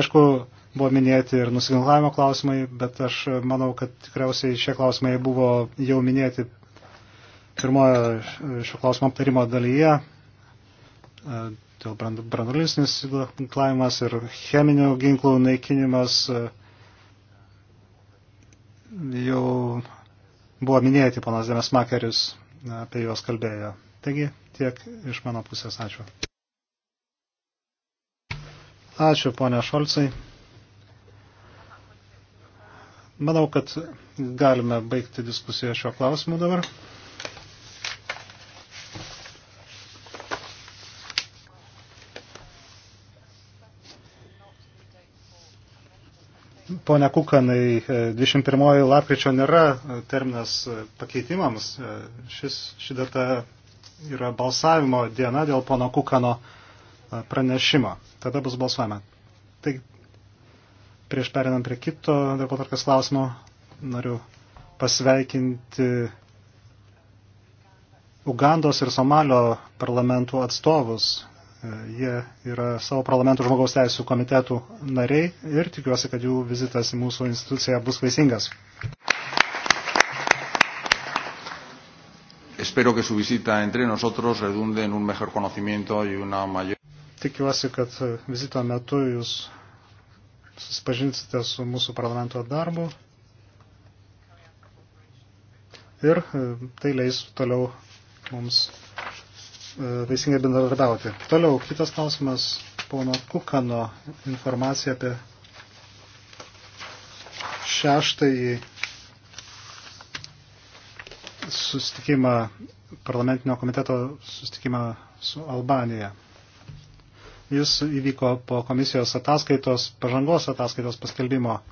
S3: Aišku, buvo minėti ir nusiginklavimo klausimai, bet aš manau, kad tikriausiai šie klausimai buvo jau minėti pirmojo šio klausimo aptarimo dalyje e, dėl brandulinis nusiginklavimas ir cheminių ginklų naikinimas. Uh, jau buvo minėti, ponas Demes Makerius apie juos kalbėjo. Taigi tiek iš mano pusės. Ačiū. Ačiū, ponia Šolcai. Manau, kad galime baigti diskusiją šiuo klausimu dabar. Pone Kukanai, 21 e, lapkričio nėra e, terminas e, pakeitimams. Šis, ši data yra balsavimo diena dėl pono Kukano pranešimo. Tada bus balsuojama. Taigi, prieš perinant prie kito darbo tarkas klausimo, noriu pasveikinti Ugandos ir Somalio parlamentų atstovus Jie yra savo parlamentų žmogaus teisų komitetų nariai ir tikiuosi, kad jų vizitas į mūsų instituciją bus vaisingas.
S1: Espero que su visita entre nosotros redunde en un mejor conocimiento y una mayor.
S3: Tikiuosi, kad vizito metu jūs susipažinsite su mūsų parlamento darbu ir e, tai leis toliau mums vaisingai e, bendradarbiauti. Toliau, kitas klausimas, pono Kukano informacija apie šeštąjį sustikimą, parlamentinio komiteto sustikimą su Albanija. Jis įvyko po komisijos ataskaitos, pažangos ataskaitos paskelbimo e,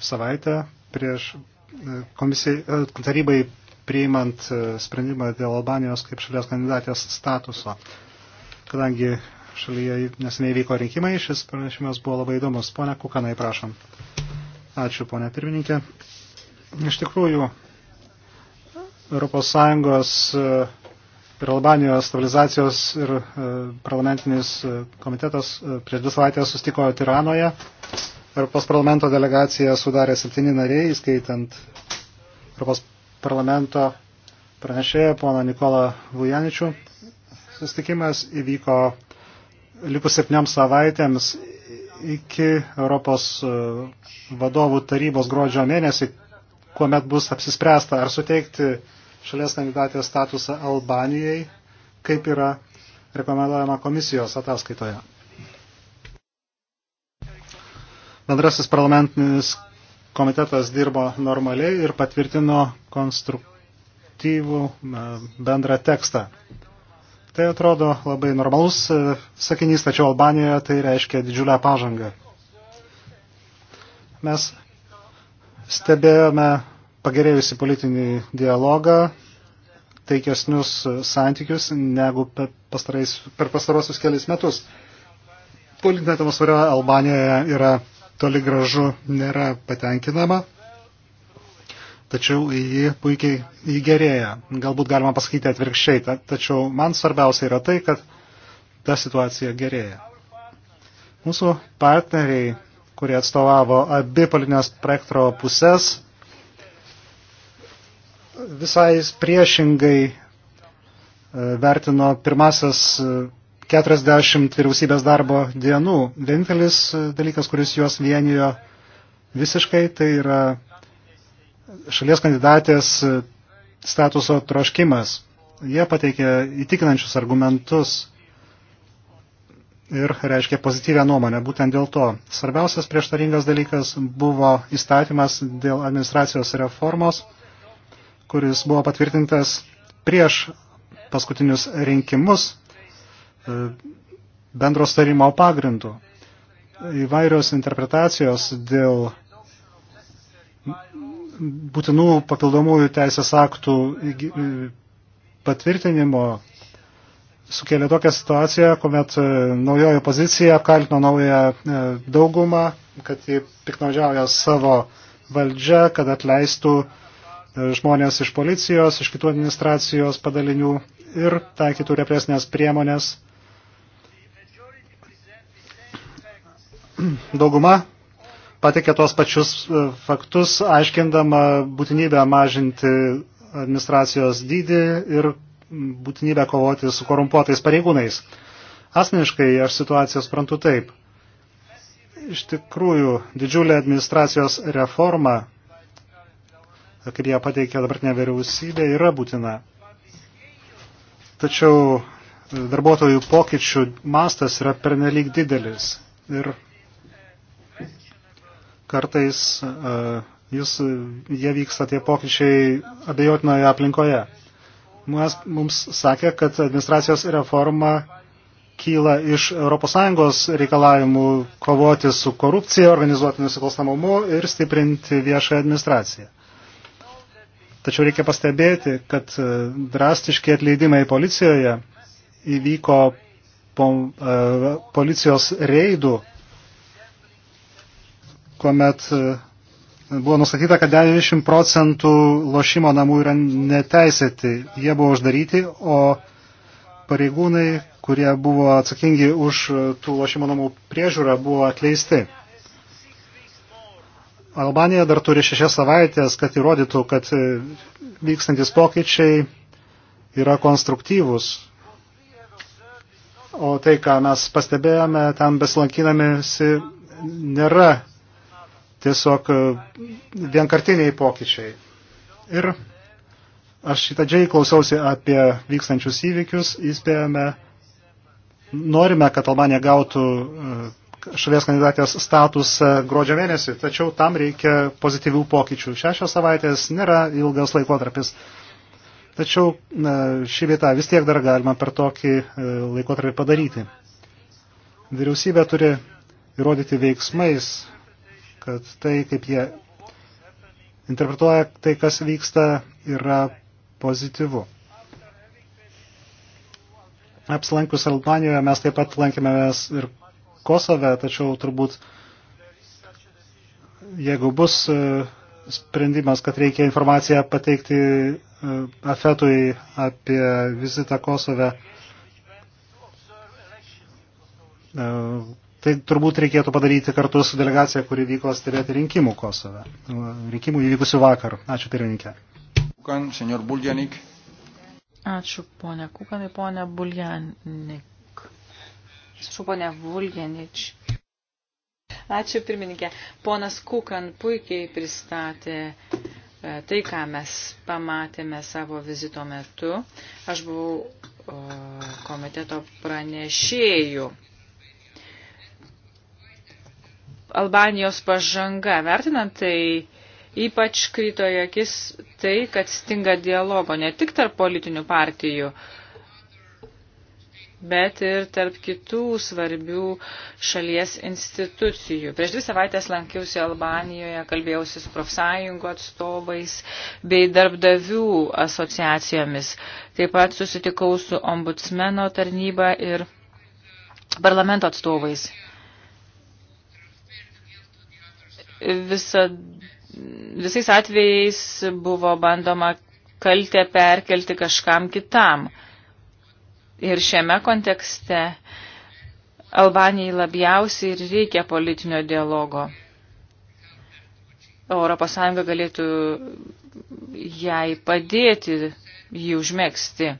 S3: savaitę prieš e, komisijai, tarybai priimant e, sprendimą dėl Albanijos kaip šalies kandidatės statuso. Kadangi šalyje nesiniai vyko rinkimai, šis pranešimas buvo labai įdomus. Pone Kukanai, prašom. Ačiū, ponė pirmininkė. Iš tikrųjų, ES e, ir Albanijos stabilizacijos ir e, parlamentinis komitetas prieš dvi savaitės sustiko Tiranoje. Europos parlamento delegaciją sudarė septyni nariai, įskaitant Europos parlamento pranešėją poną Nikolą Vujaničių. Sustikimas įvyko likus septynioms savaitėms iki Europos e, vadovų tarybos gruodžio mėnesį, kuomet bus apsispręsta ar suteikti šalies kandidatės statusą Albanijai, kaip yra rekomenduojama komisijos ataskaitoje. Bendrasis parlamentinis komitetas dirbo normaliai ir patvirtino konstruktyvų e, bendrą tekstą. Tai atrodo labai normalus e, sakinys, tačiau Albanijoje tai reiškia didžiulę pažangą. Mes stebėjome pagerėjusi politinį dialogą, taikesnius santykius negu per, pastarais, per pastarosius kelis metus. Politinė atmosfera Albanijoje yra toli gražu nėra patenkinama, tačiau ji puikiai įgerėja. Galbūt galima pasakyti atvirkščiai, tačiau man svarbiausia yra tai, kad ta situacija gerėja. Mūsų partneriai, kurie atstovavo abi politinės projekto pusės, visai priešingai e, vertino pirmasis e, 40 vyriausybės darbo dienų. Vienintelis dalykas, kuris juos vienijo visiškai, tai yra šalies kandidatės statuso troškimas. Jie pateikė įtikinančius argumentus ir reiškia pozityvę nuomonę. Būtent dėl to svarbiausias prieštaringas dalykas buvo įstatymas dėl administracijos reformos, kuris buvo patvirtintas prieš paskutinius rinkimus E, bendro starimo pagrindų. Įvairios interpretacijos dėl būtinų papildomųjų teisės aktų e, patvirtinimo sukėlė tokią situaciją, kuomet e, naujojo pozicija kaltino naują daugumą, kad jį piknaudžiauja savo valdžia, kad atleistų žmonės iš policijos, iš kitų administracijos padalinių ir taikytų represinės priemonės dauguma patikė tuos pačius e, faktus, aiškindama būtinybę mažinti administracijos dydį ir būtinybę kovoti su korumpuotais pareigūnais. Asmeniškai aš situaciją suprantu taip. Iš tikrųjų, didžiulė administracijos reforma, kaip ją pateikė dabartinė vyriausybė, yra būtina. Tačiau e, darbuotojų pokyčių mastas yra pernelyg didelis ir kartais e, jis, jie vyksta tie pokyčiai abejotinoje aplinkoje. Mes, mums sakė, kad administracijos reforma kyla iš ES reikalavimų kovoti su korupcija, organizuoti nusikalstamumu ir stiprinti viešą administraciją. Tačiau reikia pastebėti, kad e, drastiški atleidimai policijoje įvyko po, e, policijos reidų kuomet e, buvo nustatyta, kad 90 procentų lošimo namų yra neteisėti. Jie buvo uždaryti, o pareigūnai, kurie buvo atsakingi už e, tų lošimo namų priežiūrą, buvo atleisti. Albanija dar turi šešias savaitės, kad įrodytų, kad e, vykstantis pokyčiai yra konstruktyvus. O tai, ką mes pastebėjome, ten besilankinamisi, nėra tiesiog e, vienkartiniai pokyčiai. Ir aš šitą džiai klausiausi apie vykstančius įvykius, įspėjame, norime, kad Albanija gautų e, šalies kandidatės statusą gruodžio mėnesį, tačiau tam reikia pozityvių pokyčių. Šešios savaitės nėra ilgas laikotarpis. Tačiau e, šį vietą vis tiek dar galima per tokį laikotarpį padaryti. Vyriausybė turi įrodyti veiksmais, kad tai, kaip jie interpretuoja tai, kas vyksta, yra pozityvu. Apsilankius Albanijoje mes taip pat lankėmės ir Kosove, tačiau turbūt, jeigu bus e, sprendimas, kad reikia informaciją pateikti e, Afetui apie vizitą Kosove, e, tai turbūt reikėtų padaryti kartu su delegacija, kuri vyko stebėti rinkimų Kosove, nu, rinkimų įvykusių vakar. Ačiū pirmininkė. Kukan, senor Buljanik.
S2: Ačiū ponia Kukanai, ponia Buljanik. Atsiprašau, ponia Vuljanič. Ačiū pirmininkė. Ponas Kukan puikiai pristatė e, tai, ką mes pamatėme savo vizito metu. Aš buvau komiteto pranešėjų Albanijos pažanga. Vertinant tai, ypač kryto į akis tai, kad stinga dialogo ne tik tarp politinių partijų, bet ir tarp kitų svarbių šalies institucijų. Prieš dvi savaitės lankiausi Albanijoje, kalbėjausi su profsąjungo atstovais bei darbdavių asociacijomis. Taip pat susitikau su ombudsmeno tarnyba ir parlamento atstovais visa, visais atvejais buvo bandoma kaltę perkelti kažkam kitam. Ir šiame kontekste Albanijai labiausiai ir reikia politinio dialogo. Europos Sąjunga galėtų jai padėti jį užmėgsti.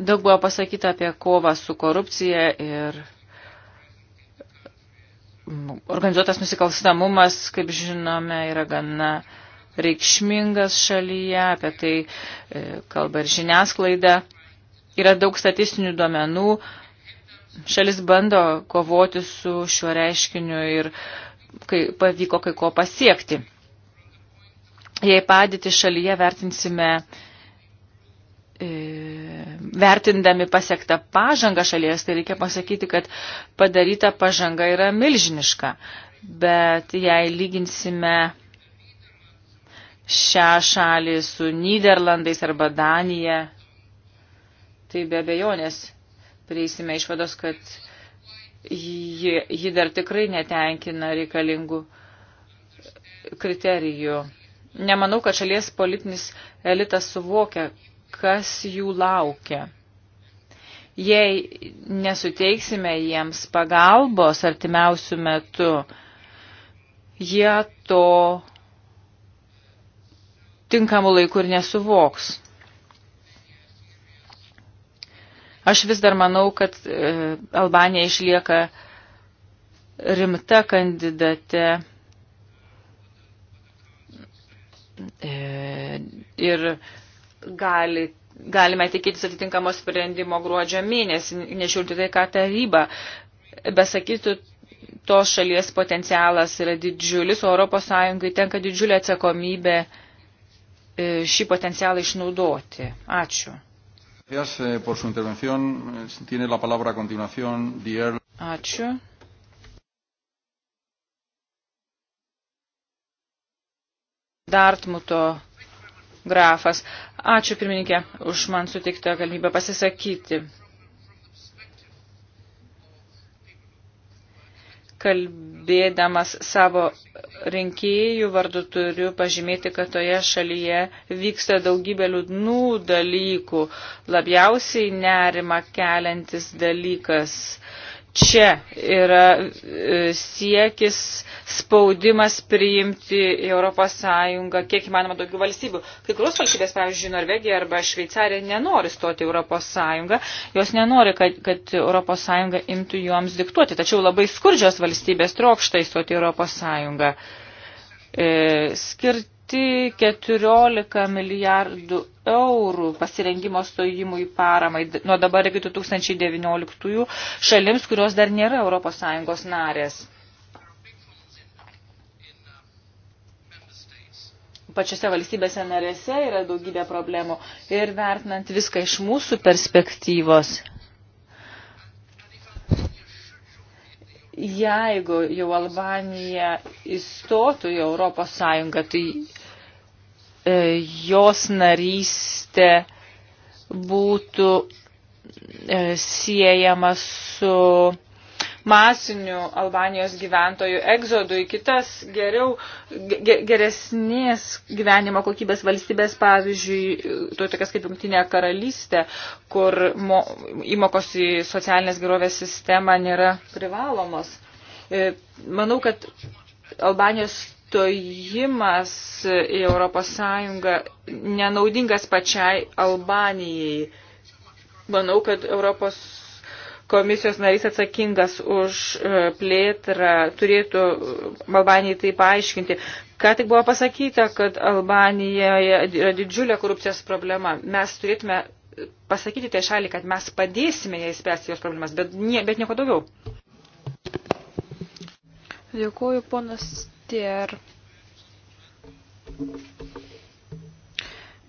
S2: Daug buvo pasakyta apie kovą su korupcija ir organizuotas nusikalstamumas, kaip žinome, yra gana reikšmingas šalyje, apie tai e, kalba ir žiniasklaida. Yra daug statistinių duomenų. Šalis bando kovoti su šiuo reiškiniu ir kai, pavyko kai ko pasiekti. Jei padėti šalyje vertinsime e, vertindami pasiektą pažangą šalies, tai reikia pasakyti, kad padaryta pažanga yra milžiniška. Bet jei lyginsime šią šalį su Niderlandais arba Danija, tai be abejonės prieisime išvados, kad ji, ji dar tikrai netenkina reikalingų kriterijų. Nemanau, kad šalies politinis elitas suvokia, kas jų laukia. Jei nesuteiksime jiems pagalbos artimiausių metų, jie to tinkamų laikų ir nesuvoks. Aš vis dar manau, kad e, Albanija išlieka rimta kandidate e, ir gali, galime tikėtis atitinkamo sprendimo gruodžio mėnesį, nežiūrint tai, ką taryba besakytų, tos šalies potencialas yra didžiulis, o Europos Sąjungai tenka didžiulė atsakomybė e, šį potencialą išnaudoti. Ačiū. Eh, Ačiū. Dartmuto grafas. Ačiū pirmininkė už man sutiktą galimybę pasisakyti. Kalbėdamas savo rinkėjų vardu turiu pažymėti, kad toje šalyje vyksta daugybė liūdnų dalykų. Labiausiai nerima keliantis dalykas. Uh, čia yra e, siekis, spaudimas priimti į ES kiek įmanoma daugiau valstybių. Kai kurios valstybės, pavyzdžiui, Norvegija arba Šveicarija nenori stoti į ES, jos nenori, kad, kad ES imtų joms diktuoti, tačiau labai skurdžios valstybės trokšta įstoti į ES. E, skirti 14 milijardų eurų pasirengimo stojimui paramai nuo dabar iki 2019 šalims, kurios dar nėra ES narės. Pačiose valstybėse narėse yra daugybė problemų ir vertinant viską iš mūsų perspektyvos. Jeigu jau Albanija įstotų į Europos Sąjungą, tai E, jos narystė būtų e, siejama su masiniu Albanijos gyventojų egzodu į kitas geriau, geresnės gyvenimo kokybės valstybės, pavyzdžiui, to tokias kaip Jungtinė karalystė, kur mo, įmokos į socialinės gerovės sistemą nėra privalomos. E, manau, kad Albanijos stojimas į Europos Sąjungą nenaudingas pačiai Albanijai. Manau, kad Europos komisijos narys atsakingas už e, plėtrą turėtų Albanijai tai paaiškinti. Ką tik buvo pasakyta, kad Albanijoje yra didžiulė korupcijos problema. Mes turėtume pasakyti tai šaliai, kad mes padėsime jai spręsti jos problemas, bet, nie, bet nieko daugiau.
S4: Dėkuoju, ponas Matėr.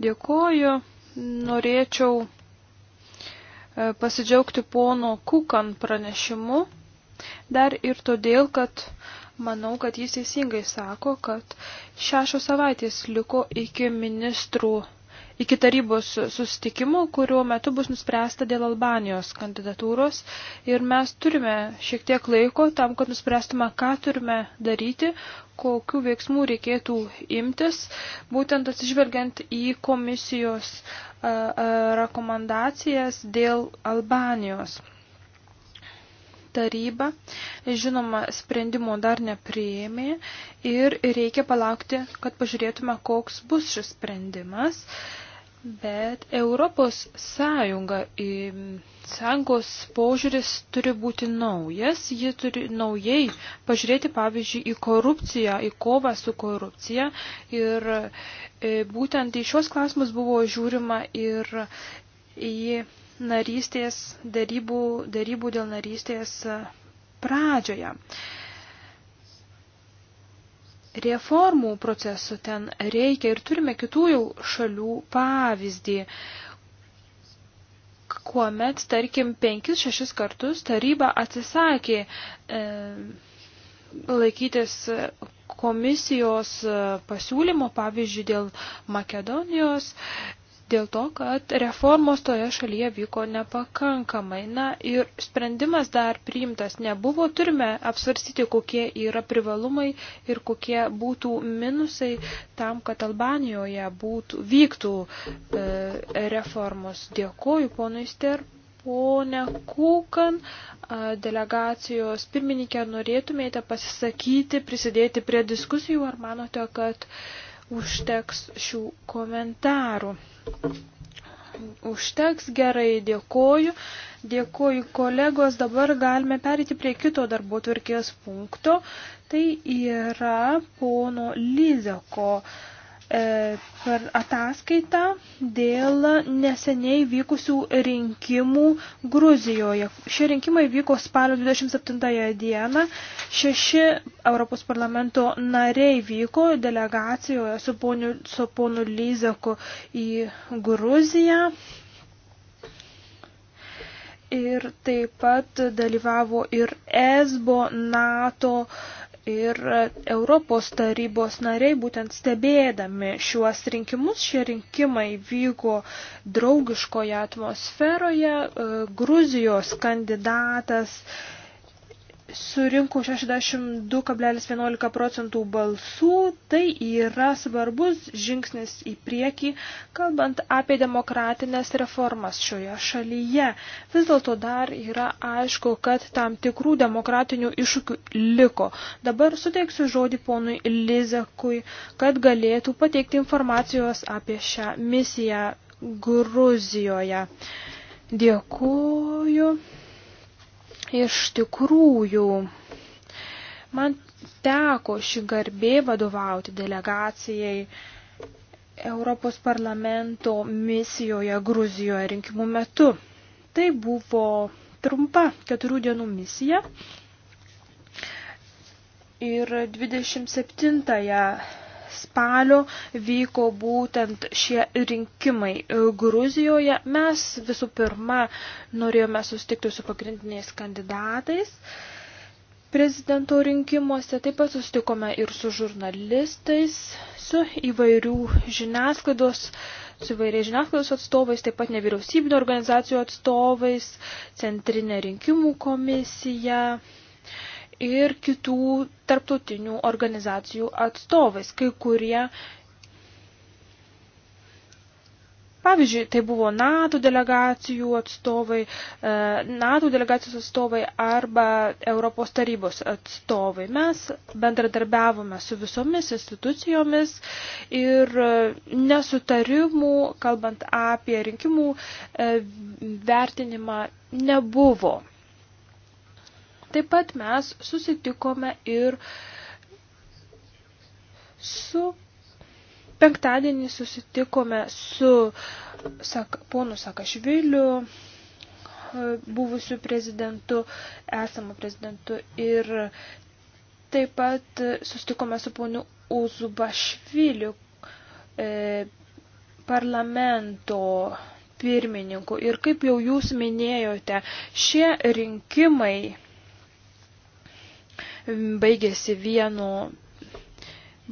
S4: Dėkoju. Norėčiau e, pasidžiaugti pono Kukan pranešimu. Dar ir todėl, kad manau, kad jis teisingai sako, kad šešios savaitės liko iki ministrų iki tarybos sustikimo, kurio metu bus nuspręsta dėl Albanijos kandidatūros. Ir mes turime šiek tiek laiko tam, kad nuspręstume, ką turime daryti, kokiu veiksmu reikėtų imtis, būtent atsižvelgiant į komisijos rekomendacijas dėl Albanijos. Taryba, žinoma, sprendimo dar nepriėmė ir reikia palaukti, kad pažiūrėtume, koks bus šis sprendimas. Uh, Bet Europos sąjunga, sąjungos požiūris turi būti naujas, ji turi naujai pažiūrėti, pavyzdžiui, į korupciją, į kovą su korupcija. Ir e, būtent į šios klausimus buvo žiūrima ir į narystės, darybų, darybų dėl narystės pradžioje reformų procesų ten reikia ir turime kitų jau šalių pavyzdį, kuomet, tarkim, penkis, šešis kartus taryba atsisakė e, laikytis komisijos e, pasiūlymo, pavyzdžiui, dėl Makedonijos dėl to, kad reformos toje šalyje vyko nepakankamai. Na ir sprendimas dar priimtas nebuvo, turime apsvarstyti, kokie yra privalumai ir kokie būtų minusai tam, kad Albanijoje būtų, vyktų e, reformos. Dėkoju, ponui Ster. Pone Kūkan, delegacijos pirmininkė, norėtumėte pasisakyti, prisidėti prie diskusijų, ar manote, kad uh, užteks šių komentarų. Užteks gerai, dėkoju. Dėkoju kolegos, dabar galime perėti prie kito darbo tvarkės punkto. Tai yra pono Lizako uh, E, per ataskaitą dėl neseniai vykusių rinkimų Gruzijoje. Šie rinkimai vyko spalio 27 dieną. Šeši Europos parlamento nariai vyko delegacijoje su ponu, su ponu Lyzaku į Gruziją. Ir taip pat dalyvavo ir ESBO, NATO, uh, ir Europos tarybos nariai būtent stebėdami šiuos rinkimus, šie rinkimai vyko draugiškoje atmosferoje, Gruzijos kandidatas surinko 62,11 procentų balsų, tai yra svarbus žingsnis į priekį, kalbant apie demokratinės reformas šioje šalyje. Vis dėlto dar yra aišku, kad tam tikrų demokratinių iššūkių liko. Dabar suteiksiu žodį ponui Lizekui, kad galėtų pateikti informacijos apie šią misiją Gruzijoje. Dėkuoju. Iš tikrųjų, man teko šį garbė vadovauti delegacijai Europos parlamento misijoje Gruzijoje rinkimų metu. Tai buvo trumpa keturių dienų misija. Ir 27 spalio vyko būtent šie rinkimai e, Gruzijoje. Mes visų pirma norėjome sustikti su pagrindiniais kandidatais. Prezidento rinkimuose taip pat sustikome ir su žurnalistais, su įvairių žiniasklaidos, su įvairiais žiniasklaidos atstovais, taip pat nevyriausybinio organizacijų atstovais, centrinė rinkimų komisija, ir kitų tarptautinių organizacijų atstovais, kai kurie. Pavyzdžiui, tai buvo NATO delegacijų atstovai, e, NATO delegacijos atstovai arba Europos tarybos atstovai. Mes bendradarbiavome su visomis institucijomis ir nesutarimų, kalbant apie rinkimų e, vertinimą, nebuvo Taip pat mes susitikome ir su penktadienį susitikome su sak, ponu Sakašviliu, buvusiu prezidentu, esamu prezidentu ir taip pat susitikome su ponu Uzubašviliu, e, parlamento pirmininku. Ir kaip jau jūs minėjote, šie rinkimai baigėsi vienu.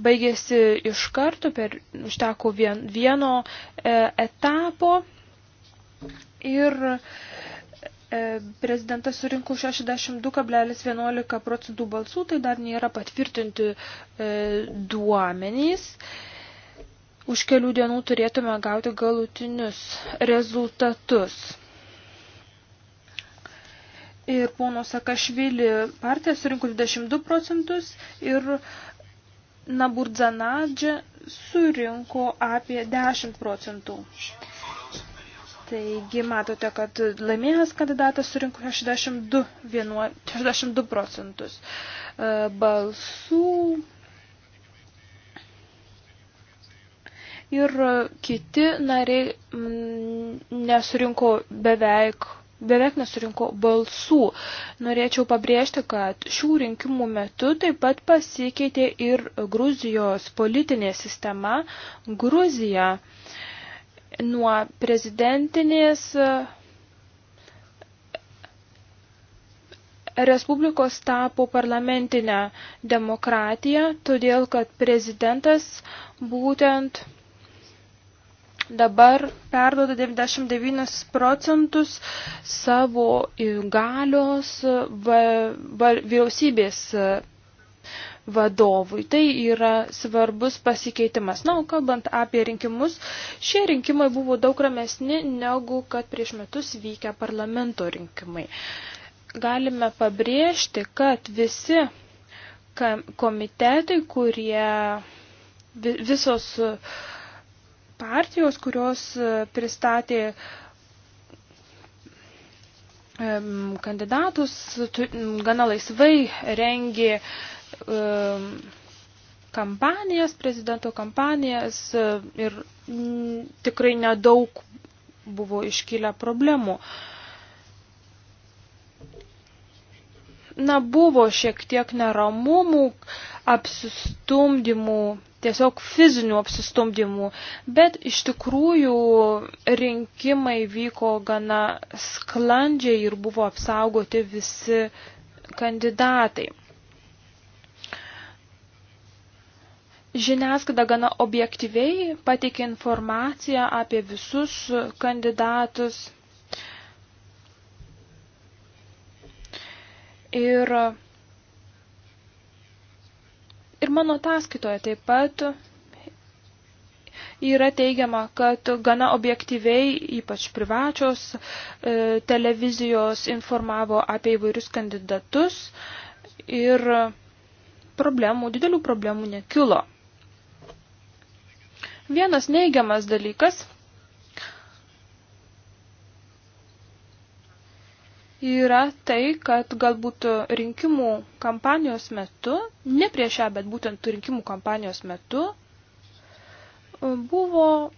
S4: Baigėsi iš karto, per, užteko vien, vieno e, etapo ir e, prezidentas surinko 62,11 procentų balsų, tai dar nėra patvirtinti e, duomenys. Už kelių dienų turėtume gauti galutinius rezultatus ir pono Sakašvili partija surinko 22 procentus ir Naburdzanadžia surinko apie 10 procentų. Taigi matote, kad laimėjęs kandidatas surinko 62, 62 procentus e, balsų. Ir kiti nariai nesurinko beveik beveik nesurinko balsų. Norėčiau pabrėžti, kad šių rinkimų metu taip pat pasikeitė ir Gruzijos politinė sistema. Gruzija nuo prezidentinės e, Respublikos tapo parlamentinę demokratiją, todėl kad prezidentas būtent dabar perdoda 99 procentus savo galios va, va, vyriausybės vadovui. Tai yra svarbus pasikeitimas. Na, o kalbant apie rinkimus, šie rinkimai buvo daug ramesni negu kad prieš metus vykę parlamento rinkimai. Galime pabrėžti, kad visi komitetai, kurie visos uh, partijos, kurios e, pristatė kandidatus, gana laisvai rengė kampanijas, prezidento kampanijas e, ir tikrai nedaug buvo iškilę problemų. Na, buvo šiek tiek neramumų, apsistumdymų tiesiog fizinių apsistumdymų, bet iš tikrųjų rinkimai vyko gana sklandžiai ir buvo apsaugoti visi kandidatai. Žiniasklaida gana objektyviai pateikė informaciją apie visus kandidatus. Ir Ir mano ataskaitoje taip pat yra teigiama, kad gana objektyviai, ypač privačios e, televizijos informavo apie įvairius kandidatus ir problemų, didelių problemų nekilo. Vienas neigiamas dalykas yra tai, kad galbūt rinkimų kampanijos metu, ne prieš ją, bet būtent rinkimų kampanijos metu, buvo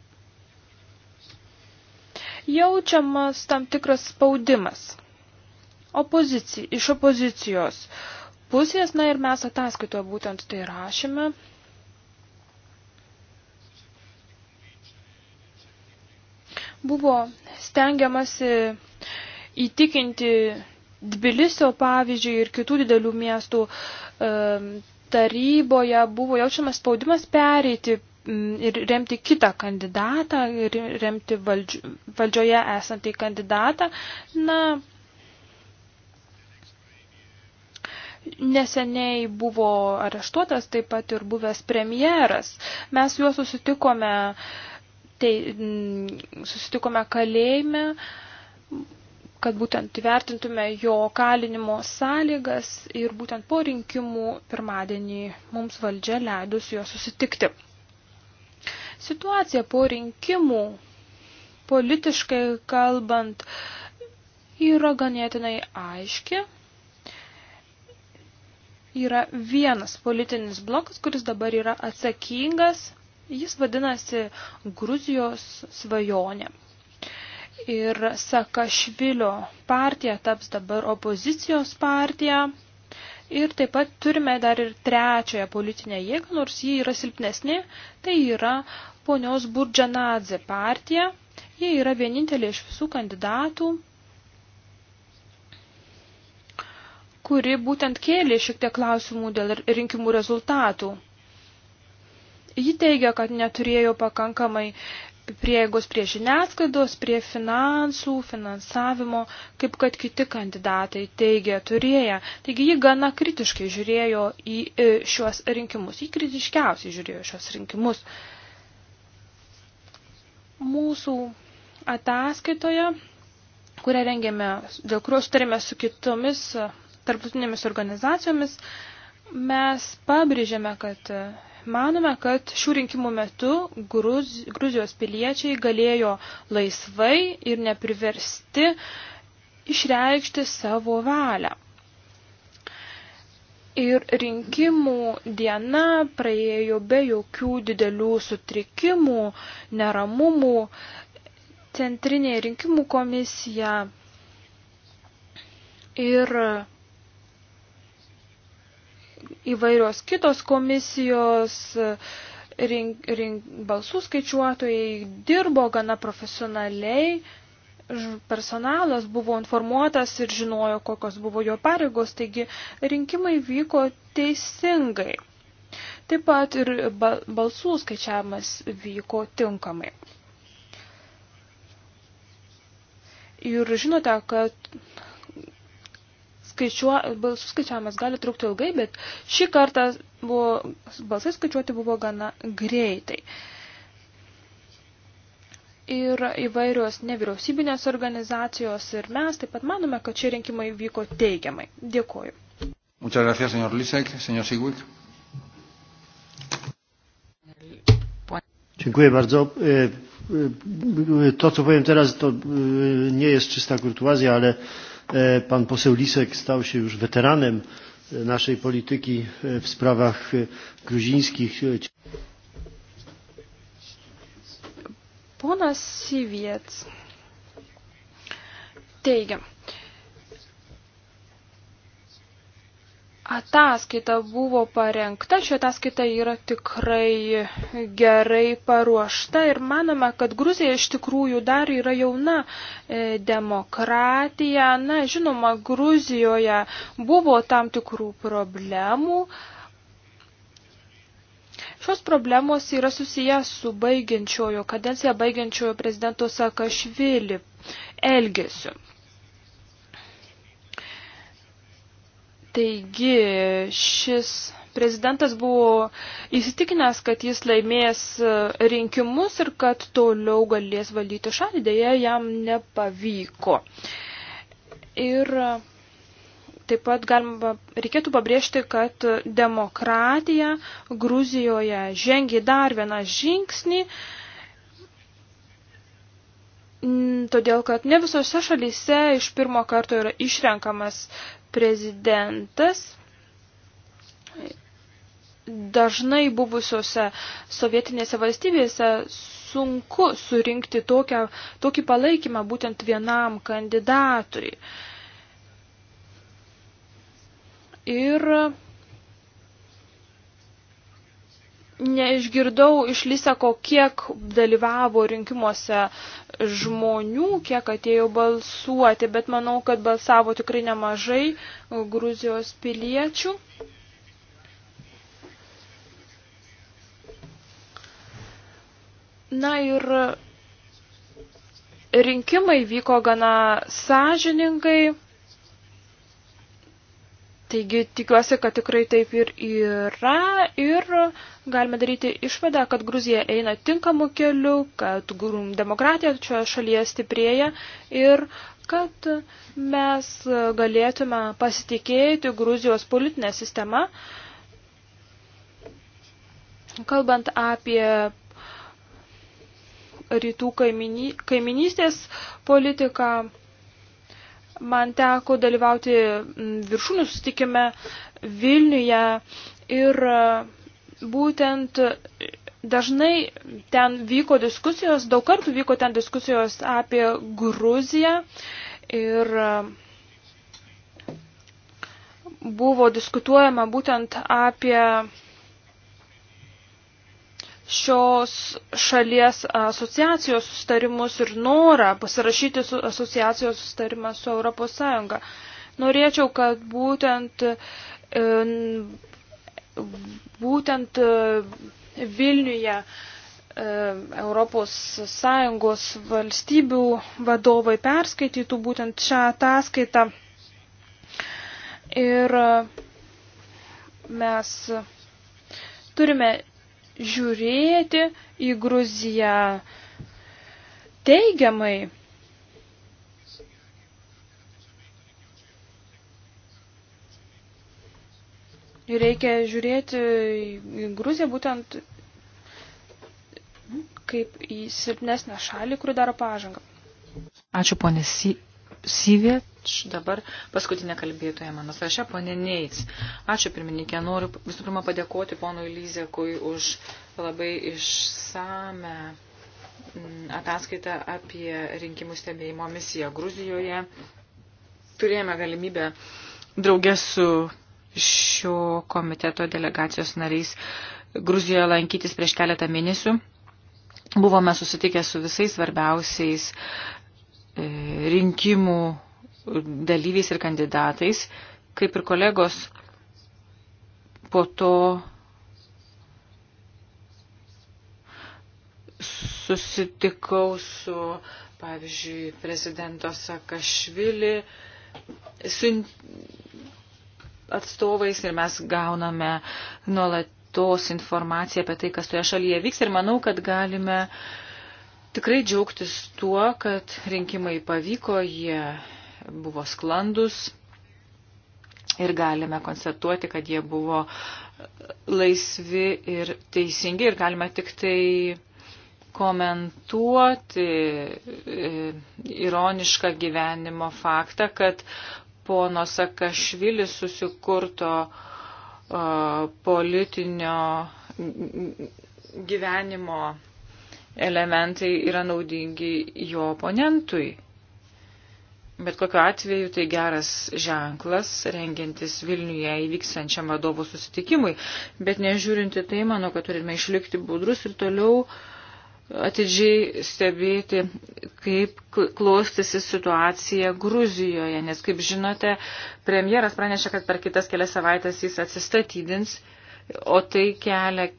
S4: jaučiamas tam tikras spaudimas opozicijai, iš opozicijos pusės, na ir mes ataskaitoje būtent tai rašėme. Buvo stengiamasi įtikinti Dbilisio pavyzdžiui ir kitų didelių miestų taryboje buvo jaučiamas spaudimas pereiti mm, ir remti kitą kandidatą, ir remti valdžio, valdžioje esantį kandidatą. Na, neseniai buvo areštuotas taip pat ir buvęs premjeras. Mes juos susitikome, tai, susitikome kalėjime, kad būtent įvertintume jo kalinimo sąlygas ir būtent po rinkimų pirmadienį mums valdžia leidus jo susitikti. Situacija po rinkimų, politiškai kalbant, yra ganėtinai aiški. Yra vienas politinis blokas, kuris dabar yra atsakingas, jis vadinasi Gruzijos svajonė ir Sakašvilio partija taps dabar opozicijos partija. Ir taip pat turime dar ir trečiąją politinę jėgą, nors ji yra silpnesnė, tai yra ponios Burdžanadze partija. Jie yra vienintelė iš visų kandidatų, kuri būtent kėlė šiek tiek klausimų dėl rinkimų rezultatų. Ji teigia, kad neturėjo pakankamai prieigos prie žiniasklaidos, prie finansų, finansavimo, kaip kad kiti kandidatai teigia turėję. Taigi ji gana kritiškai žiūrėjo į e, šiuos rinkimus, ji kritiškiausiai žiūrėjo šiuos rinkimus. Mūsų ataskaitoje, kurią rengėme, dėl kurios sutarėme su kitomis tarptautinėmis organizacijomis, mes pabrėžėme, kad Manome, kad šių rinkimų metu Gruz, Gruzijos piliečiai galėjo laisvai ir nepriversti išreikšti savo valią. Ir rinkimų diena praėjo be jokių didelių sutrikimų, neramumų. Centrinė rinkimų komisija ir įvairios kitos komisijos, rink, rink, balsų skaičiuotojai dirbo gana profesionaliai, personalas buvo informuotas ir žinojo, kokios buvo jo pareigos, taigi rinkimai vyko teisingai. Taip pat ir balsų skaičiavimas vyko tinkamai. Ir žinote, kad skaičiuo, balsų skaičiavimas gali trukti ilgai, bet šį kartą buvo, balsai skaičiuoti buvo gana greitai. Ir įvairios nevyriausybinės organizacijos ir mes taip pat manome, kad šie rinkimai vyko teigiamai. Dėkuoju.
S3: Muchas
S1: gracias, señor Lisek. Señor Sigwick.
S3: Dziękuję bardzo. E, e, to, co powiem teraz, to e, nie jest czysta kurtuazja, ale E, pan poseł Lisek stał się już weteranem e, naszej polityki e, w sprawach gruzińskich.
S4: Ponas Siviets teigia, ataskaita buvo parengta, ši ataskaita yra tikrai gerai paruošta ir manome, kad Gruzija iš tikrųjų dar yra jauna e, demokratija. Na, žinoma, Gruzijoje buvo tam tikrų problemų. Šios problemos yra susijęs su baigiančiojo kadenciją baigiančiojo prezidento Sakašvili elgesiu. Taigi šis prezidentas buvo įsitikinęs, kad jis laimės e, rinkimus ir kad toliau galės valdyti šalį, dėja jam nepavyko. Ir e, taip pat galima, reikėtų pabrėžti, kad demokratija Gruzijoje žengė dar vieną žingsnį, todėl kad ne visose šalyse iš pirmo karto yra išrenkamas prezidentas dažnai buvusiose sovietinėse valstybėse sunku surinkti tokią, tokį palaikymą būtent vienam kandidatui. Ir neišgirdau iš Liseko, kiek dalyvavo rinkimuose žmonių, kiek atėjo balsuoti, bet manau, kad balsavo tikrai nemažai Gruzijos piliečių. Na ir rinkimai vyko gana sąžiningai Taigi tikiuosi, kad tikrai taip ir yra ir galime daryti išvadą, kad Gruzija eina tinkamu keliu, kad demokratija čia šalyje stiprėja ir kad mes galėtume pasitikėti Gruzijos politinę sistemą. Kalbant apie rytų kaiminystės politiką, Man teko dalyvauti viršūnių sustikime Vilniuje ir e, būtent dažnai ten vyko diskusijos, daug kartų vyko ten diskusijos apie Gruziją ir e, buvo diskutuojama būtent apie šios šalies asociacijos sustarimus ir norą pasirašyti su asociacijos sustarimą su ES. Norėčiau, kad būtent, e, būtent e, Vilniuje ES valstybių vadovai perskaitytų būtent šią ataskaitą. Ir e, mes turime žiūrėti į Gruziją teigiamai. Reikia žiūrėti į Gruziją būtent kaip į silpnesnę
S2: šalį, kuri daro pažangą. Ačiū ponė si Syvė, dabar paskutinė kalbėtoja mano sąraše, ponė Neits. Ačiū pirmininkė, noriu visų pirma padėkoti ponui Lyzekui už labai išsame mm, ataskaitą apie rinkimų stebėjimo misiją Gruzijoje. Turėjome galimybę draugės su šio komiteto delegacijos nariais Gruzijoje lankytis prieš keletą mėnesių. Buvome susitikę su visais svarbiausiais E, rinkimų dalyviais ir kandidatais, kaip ir kolegos po to susitikau su, pavyzdžiui, prezidento Sakašvili, su atstovais ir mes gauname nuolatos informaciją apie tai, kas toje šalyje vyks ir manau, kad galime uh, tikrai džiaugtis tuo, kad rinkimai pavyko, jie buvo sklandus ir galime konstatuoti, kad jie buvo laisvi ir teisingi ir galime tik tai komentuoti e, ironišką gyvenimo faktą, kad pono Sakašvilis susikurto e, politinio gyvenimo elementai yra naudingi jo oponentui. Bet kokiu atveju tai geras ženklas, rengiantis Vilniuje įvyksančiam vadovų susitikimui. Bet nežiūrinti tai, manau, kad turime išlikti budrus ir toliau atidžiai stebėti, kaip klostėsi situacija Gruzijoje. Nes, kaip žinote, premjeras pranešė, kad per kitas kelias savaitės jis atsistatydins o tai kelia,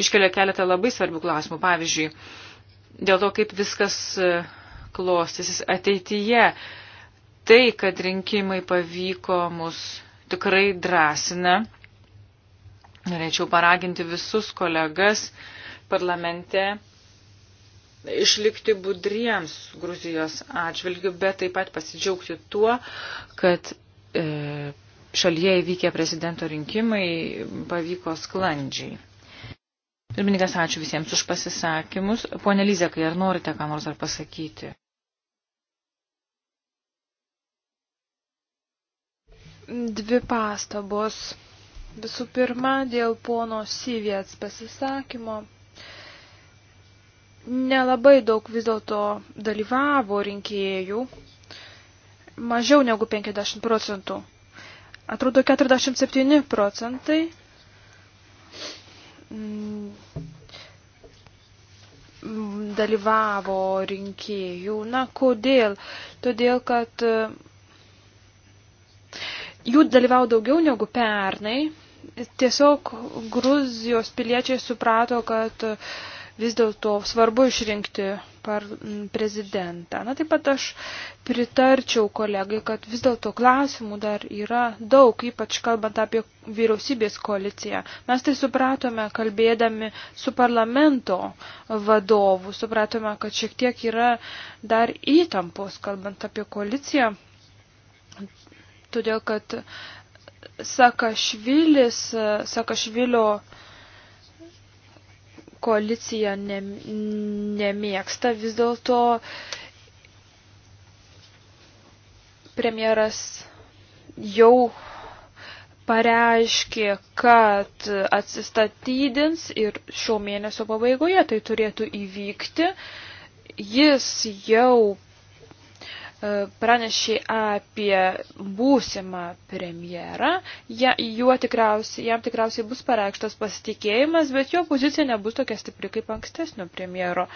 S2: iškelia keletą labai svarbių klausimų. Pavyzdžiui, dėl to, kaip viskas e, klostysis ateityje. Tai, kad rinkimai pavyko mus tikrai drąsina. Norėčiau paraginti visus kolegas parlamente išlikti budriems Gruzijos atžvilgių, bet taip pat pasidžiaugti tuo, kad e, šalyje įvykę prezidento rinkimai pavyko sklandžiai. Pirmininkas, ačiū visiems už pasisakymus. Pone Lyzekai, ar norite ką nors ar pasakyti?
S4: Dvi pastabos. Visų pirma, dėl pono Syviets pasisakymo nelabai daug vis dėlto dalyvavo rinkėjų, mažiau negu 50 procentų. Atrodo 47 procentai. Dalyvavo rinkėjų. Na, kodėl? Todėl, kad e, jų dalyvavo daugiau negu pernai. Tiesiog Gruzijos piliečiai suprato, kad e, vis dėlto svarbu išrinkti par prezidentą. Na taip pat aš pritarčiau kolegai, kad vis dėlto klausimų dar yra daug, ypač kalbant apie vyriausybės koaliciją. Mes tai supratome, kalbėdami su parlamento vadovu, supratome, kad šiek tiek yra dar įtampos, kalbant apie koaliciją. Todėl, kad Sakašvilis, Sakašvilio uh, koalicija ne, nemėgsta, vis dėlto premjeras jau pareiškė, kad atsistatydins ir šio mėnesio pabaigoje tai turėtų įvykti. Jis jau E, pranešė apie būsimą premjerą, ja, tikriausiai, jam tikriausiai bus pareikštas pasitikėjimas, bet jo pozicija nebus tokia stipri kaip ankstesnio premjero.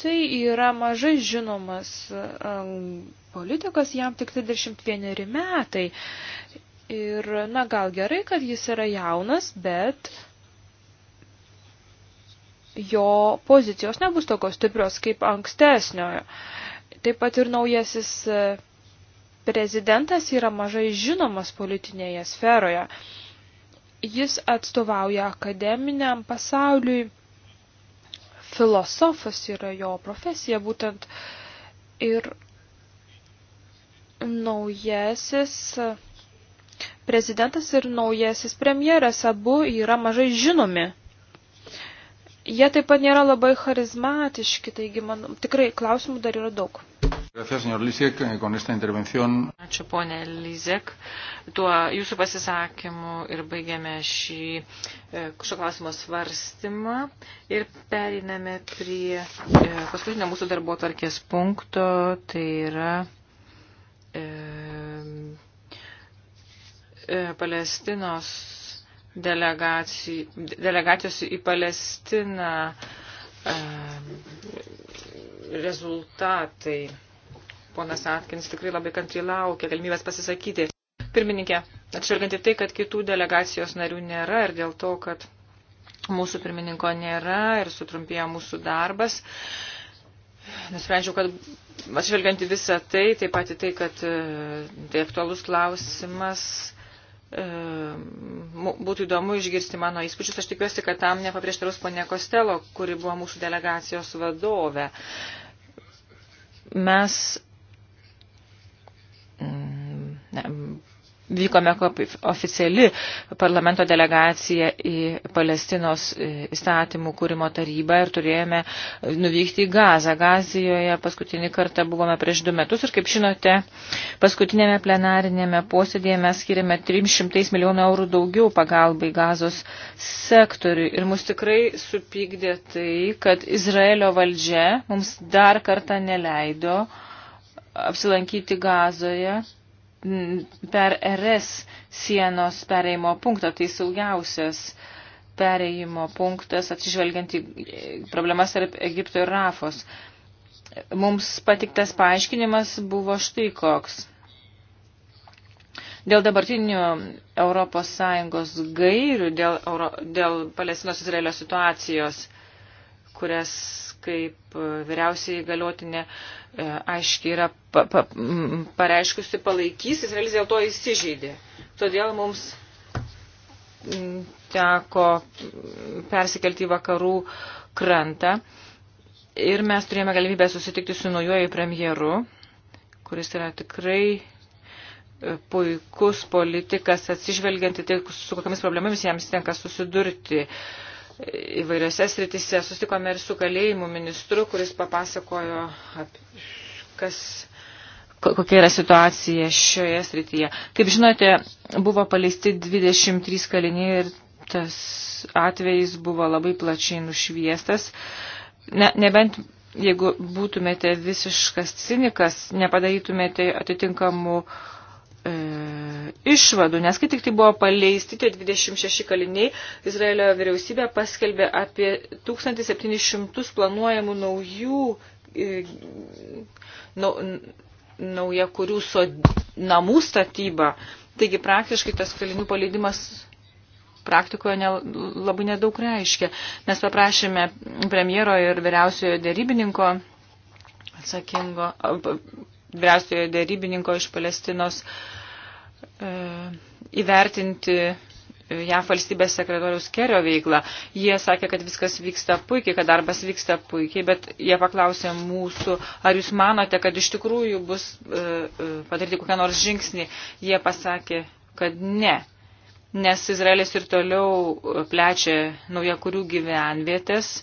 S4: Tai yra mažai žinomas e, politikas, jam tik 31 metai. Ir, na, gal gerai, kad jis yra jaunas, bet jo pozicijos nebus tokios stiprios kaip ankstesniojo. Uh, Taip pat ir naujasis e, prezidentas yra mažai žinomas politinėje sferoje. Jis atstovauja akademiniam pasauliui, filosofas yra jo profesija būtent ir naujasis prezidentas ir naujasis premjeras abu yra mažai žinomi Jie taip pat nėra labai charizmatiški, taigi man
S2: tikrai klausimų dar yra daug.
S1: Eh,
S2: Ačiū, ponė Lizek. Tuo jūsų pasisakymu ir baigėme šį e, šio klausimo svarstymą ir periname prie e, paskutinio mūsų darbo tarkės punkto, tai yra e, e, Palestinos delegacijos į Palestiną rezultatai. Ponas Atkins tikrai labai kantriai laukia galimybės pasisakyti. Pirmininkė, atšvelgiant į tai, kad kitų delegacijos narių nėra ir dėl to, kad mūsų pirmininko nėra ir sutrumpėja mūsų darbas, nusprendžiau, kad atšvelgiant į visą tai, taip pat į tai, kad e, tai aktualus klausimas E, būtų įdomu išgirsti mano įspūdžius. Aš tikiuosi, kad tam nepaprieštaraus ponė Kostelo, kuri buvo mūsų delegacijos vadovė. Mes mm, ne, vykome oficiali parlamento delegacija į Palestinos e, įstatymų kūrimo tarybą ir turėjome nuvykti į Gazą. Gazijoje paskutinį kartą buvome prieš du metus ir kaip žinote, paskutinėme plenarinėme posėdėje mes skiriame 300 milijonų eurų daugiau pagalbai Gazos sektoriui ir mus tikrai supykdė tai, kad Izraelio valdžia mums dar kartą neleido apsilankyti Gazoje per RS sienos pereimo punktą. Tai saugiausias pereimo punktas, atsižvelgiant į problemas tarp Egipto ir Rafos. Mums patiktas paaiškinimas buvo štai koks. Dėl dabartinių ES gairių, dėl, Euro, dėl Palestinos Izraelio situacijos, kurias kaip e, vyriausiai galiotinė e, aiškiai yra pa, pa, pareiškusi palaikys, Izraelis dėl to įsižeidė. Todėl mums teko persikelti į vakarų krantą ir mes turėjome galimybę susitikti su naujoju premjeru, kuris yra tikrai e, puikus politikas, atsižvelgianti tai, tiek su kokiamis problemomis jiems tenka susidurti. Uh, įvairiose sritise. Sustikome ir su kalėjimų ministru, kuris papasakojo, apie, kas, kokia yra situacija šioje srityje. Kaip žinote, buvo paleisti 23 kaliniai ir tas atvejis buvo labai plačiai nušviestas. Ne, nebent jeigu būtumėte visiškas cinikas, nepadarytumėte atitinkamų uh, e, išvadų, nes kai tik tai buvo paleisti tie 26 kaliniai, Izraelio vyriausybė paskelbė apie 1700 planuojamų naujų e, nau, nauja kurių sod, namų statybą. Taigi praktiškai tas kalinių paleidimas praktikoje ne, labai nedaug reiškia. Mes paprašėme premjero ir vyriausiojo dėrybininko atsakingo vyriausiojo dėrybininko iš Palestinos e, įvertinti e, JAF valstybės sekretoriaus Kerio veiklą. Jie sakė, kad viskas vyksta puikiai, kad darbas vyksta puikiai, bet jie paklausė mūsų, ar jūs manote, kad iš tikrųjų bus e, e padaryti kokią nors žingsnį. Jie pasakė, kad ne, nes Izraelis ir toliau e, plečia naujakurių gyvenvietės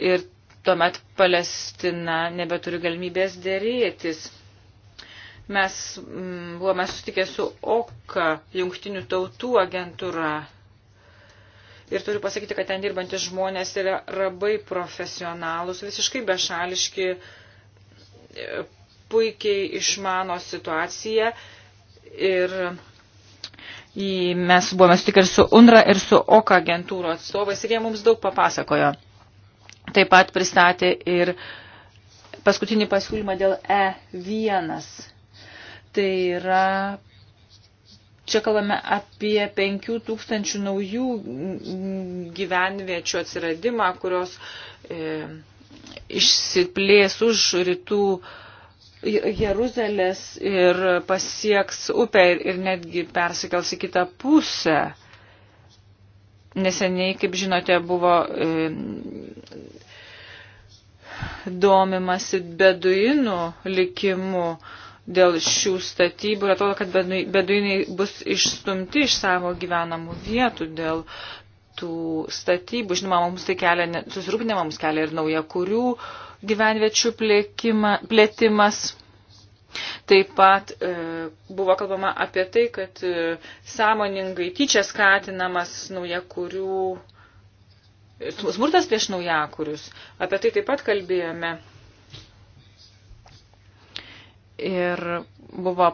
S2: ir tuomet Palestina nebeturi galimybės dėrėtis. Mes mm, buvome susitikę su OKA, jungtinių tautų agentūra. Ir turiu pasakyti, kad ten dirbantis žmonės yra labai profesionalus, visiškai bešališki, e, puikiai išmano situaciją. Ir mes buvome sutikę ir su UNRA, ir su OKA agentūro atstovais, ir jie mums daug papasakojo. Taip pat pristatė ir paskutinį pasiūlymą dėl E1 Tai yra, čia kalbame apie 5000 naujų gyvenviečių atsiradimą, kurios e, išsiplės už rytų Jeruzalės ir pasieks upę ir, ir netgi persikels į kitą pusę. Neseniai, kaip žinote, buvo e, domimasi beduinų likimu. E, dėl šių statybų ir atrodo, kad beduinai bus išstumti iš savo gyvenamų vietų dėl tų statybų. Žinoma, mums tai kelia, susirūpinimą mums kelia ir nauja kurių gyvenviečių plėkima, plėtimas. Taip pat e, buvo kalbama apie tai, kad e, sąmoningai tyčia skatinamas naujakurių smurtas prieš naujakurius. Apie tai taip pat kalbėjome. Ir buvo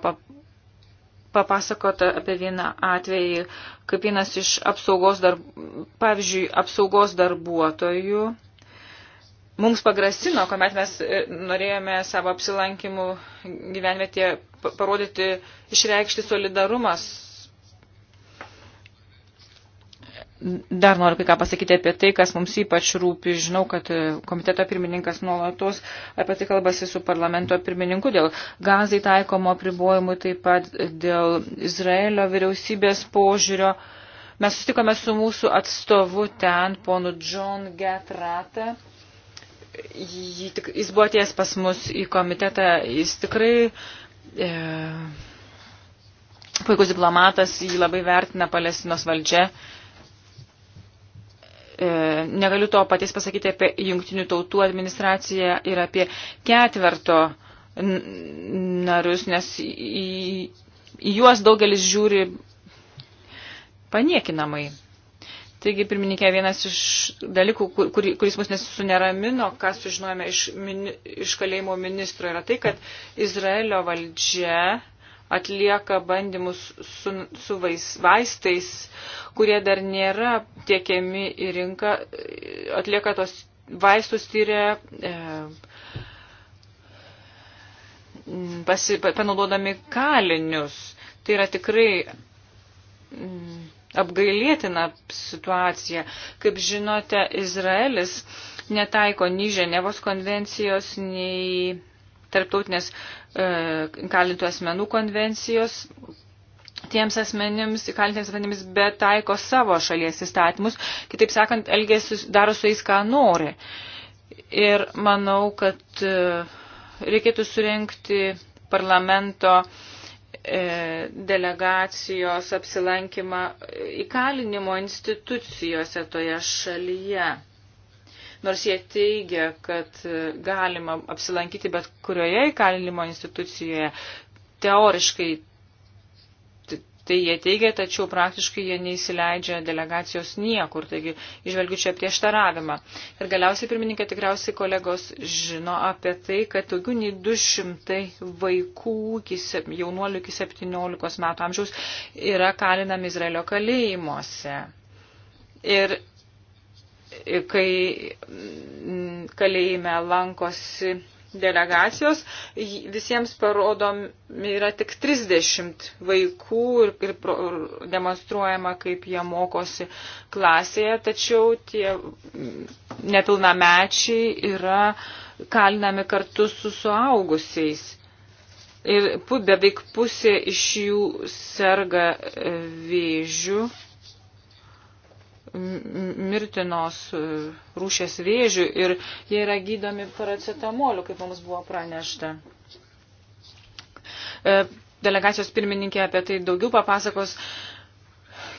S2: papasakota apie vieną atvejį, kaip vienas iš apsaugos, darb... pavyzdžiui, apsaugos darbuotojų mums pagrasino, kuomet mes e, norėjome savo apsilankimų gyvenvietėje parodyti, išreikšti solidarumas Dar noriu kai ką pasakyti apie tai, kas mums ypač rūpi. Žinau, kad e, komiteto pirmininkas nuolatos apie tai kalbasi su parlamento pirmininku dėl gazai taikomo pribojimų, taip pat dėl Izraelio vyriausybės požiūrio. Mes sustikome su mūsų atstovu ten, ponu John Getratą. Jis buvo ties pas mus į komitetą. Jis tikrai. E, Puikus diplomatas, jį labai vertina Palestinos valdžia. E, E, negaliu to paties pasakyti apie jungtinių tautų administraciją ir apie ketverto narius, nes į, į juos daugelis žiūri paniekinamai. Taigi, pirmininkė, vienas iš dalykų, kur, kur, kuris mus nesuneramino, ką sužinojame iš, min, iš kalėjimo ministro, yra tai, kad Izraelio valdžia atlieka bandymus su, su vais, vaistais, kurie dar nėra tiekiami į rinką, atlieka tos vaistus tyria e, pasi, panaudodami kalinius. Tai yra tikrai mm, apgailėtina situacija. Kaip žinote, Izraelis netaiko nei Ženevos konvencijos, nei tarptautinės e, kalintų asmenų konvencijos tiems asmenims, įkalintiems asmenims, bet taiko savo šalies įstatymus, kitaip sakant, elgesi, daro su jais, ką nori. Ir manau, kad e, reikėtų surenkti parlamento e, delegacijos apsilankimą įkalinimo institucijose toje šalyje nors jie teigia, kad galima apsilankyti bet kurioje įkalinimo institucijoje, teoriškai tai jie teigia, tačiau praktiškai jie neįsileidžia delegacijos niekur, taigi išvelgiu čia prieštaravimą. Ir galiausiai, pirmininkė, tikriausiai kolegos žino apie tai, kad daugiau nei 200 vaikų, jaunuolių iki 17 metų amžiaus yra kalinami Izraelio kalėjimuose. Ir kai kalėjime lankosi delegacijos, visiems parodom, yra tik 30 vaikų ir, ir demonstruojama, kaip jie mokosi klasėje, tačiau tie nepilnamečiai yra kalinami kartu su suaugusiais. Ir beveik pusė iš jų serga vėžių mirtinos e, rūšės vėžių ir jie yra gydomi paracetamoliu, kaip mums buvo pranešta. E, delegacijos pirmininkė apie tai daugiau papasakos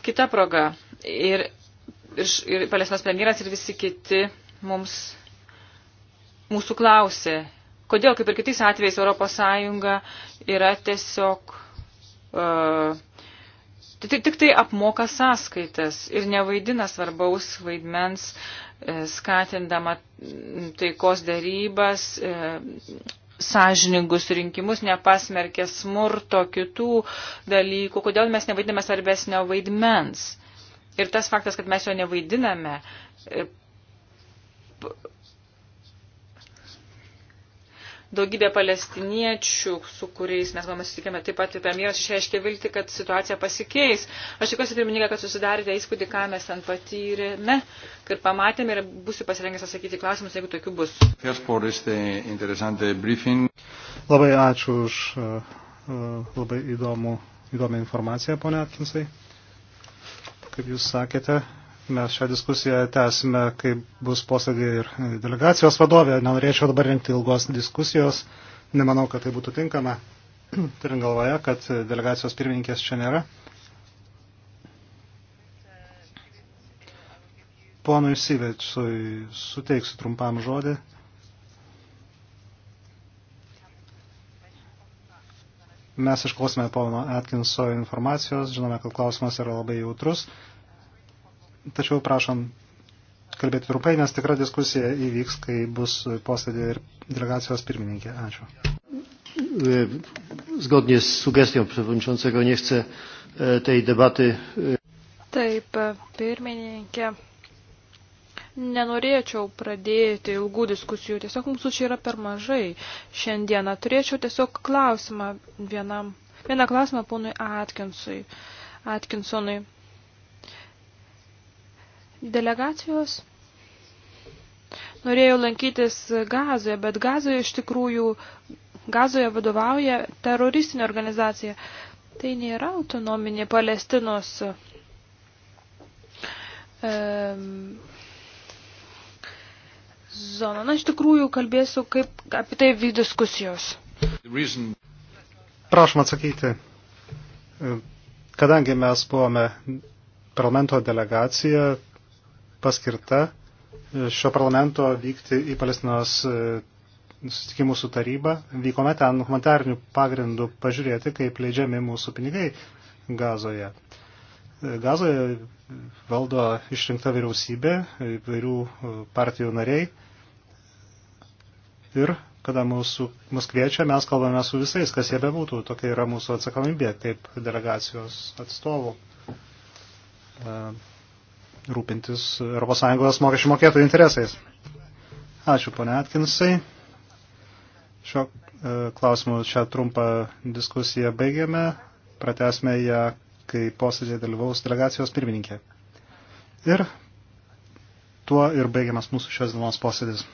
S2: kita proga. Ir, ir, ir Palestinos premjeras ir visi kiti mums, mūsų klausė, kodėl, kaip ir kitais atvejais, Europos Sąjunga yra tiesiog uh, Tai tik, tik tai apmoka sąskaitas ir nevaidina svarbaus vaidmens, e, skatindama taikos darybas, e, sąžiningus rinkimus, nepasmerkė smurto kitų dalykų, kodėl mes nevaidiname svarbesnio vaidmens. Ir tas faktas, kad mes jo nevaidiname, e, daugybė palestiniečių, su kuriais mes buvome susitikėme, taip pat premjeras išreiškė vilti, kad situacija pasikeis. Aš tikiuosi, pirmininkė, kad susidarėte įspūdį, ką mes ten patyrėme, kad pamatėme ir būsiu pasirengęs atsakyti klausimus, jeigu tokių bus.
S3: Labai ačiū už uh, labai įdomų, įdomią informaciją, ponia Atkinsai. Kaip jūs sakėte, Mes šią diskusiją tęsime, kai bus posėdė ir delegacijos vadovė. Nenorėčiau dabar rinkti ilgos diskusijos. Nemanau, kad tai būtų tinkama. Turint galvoje, kad delegacijos pirmininkės čia nėra. Ponui Sivečiui suteiksiu trumpam žodį. Mes išklausime pono Atkinso informacijos, žinome, kad klausimas yra labai jautrus tačiau prašom kalbėti trumpai, nes tikra diskusija įvyks, kai bus posėdė ir delegacijos pirmininkė. Ačiū. E, zgodnie z sugestią przewodniczącego nie chcę e, tej debaty. E.
S4: Taip, pirmininkė, nenorėčiau pradėti ilgų diskusijų, tiesiog mūsų čia yra per mažai. Šiandieną turėčiau tiesiog klausimą vienam, vieną klausimą ponui Atkinsui. Atkinsonui delegacijos norėjau lankytis Gazoje, bet Gazoje iš tikrųjų Gazoje vadovauja teroristinė organizacija. Tai nėra autonominė Palestinos um, zona. Na, iš tikrųjų kalbėsiu kaip apie tai vyk diskusijos.
S3: Prašom atsakyti. Kadangi mes buvome parlamento delegacija, paskirta e, šio parlamento vykti į Palestinos e, susitikimų su taryba. Vykome ten humanitarnių pagrindų pažiūrėti, kaip leidžiami mūsų pinigai gazoje. E, gazoje valdo išrinkta vyriausybė, įvairių partijų nariai. Ir kada mūsų, mus kviečia, mes kalbame su visais, kas jie bebūtų. Tokia yra mūsų atsakomybė kaip delegacijos atstovų rūpintis ES mokesčių mokėtojų interesais. Ačiū, pone Atkinsai. Šio e, klausimu šią trumpą diskusiją baigėme. Pratesime ją, kai posėdėje dalyvaus delegacijos pirmininkė. Ir tuo ir baigiamas mūsų šios dienos posėdis.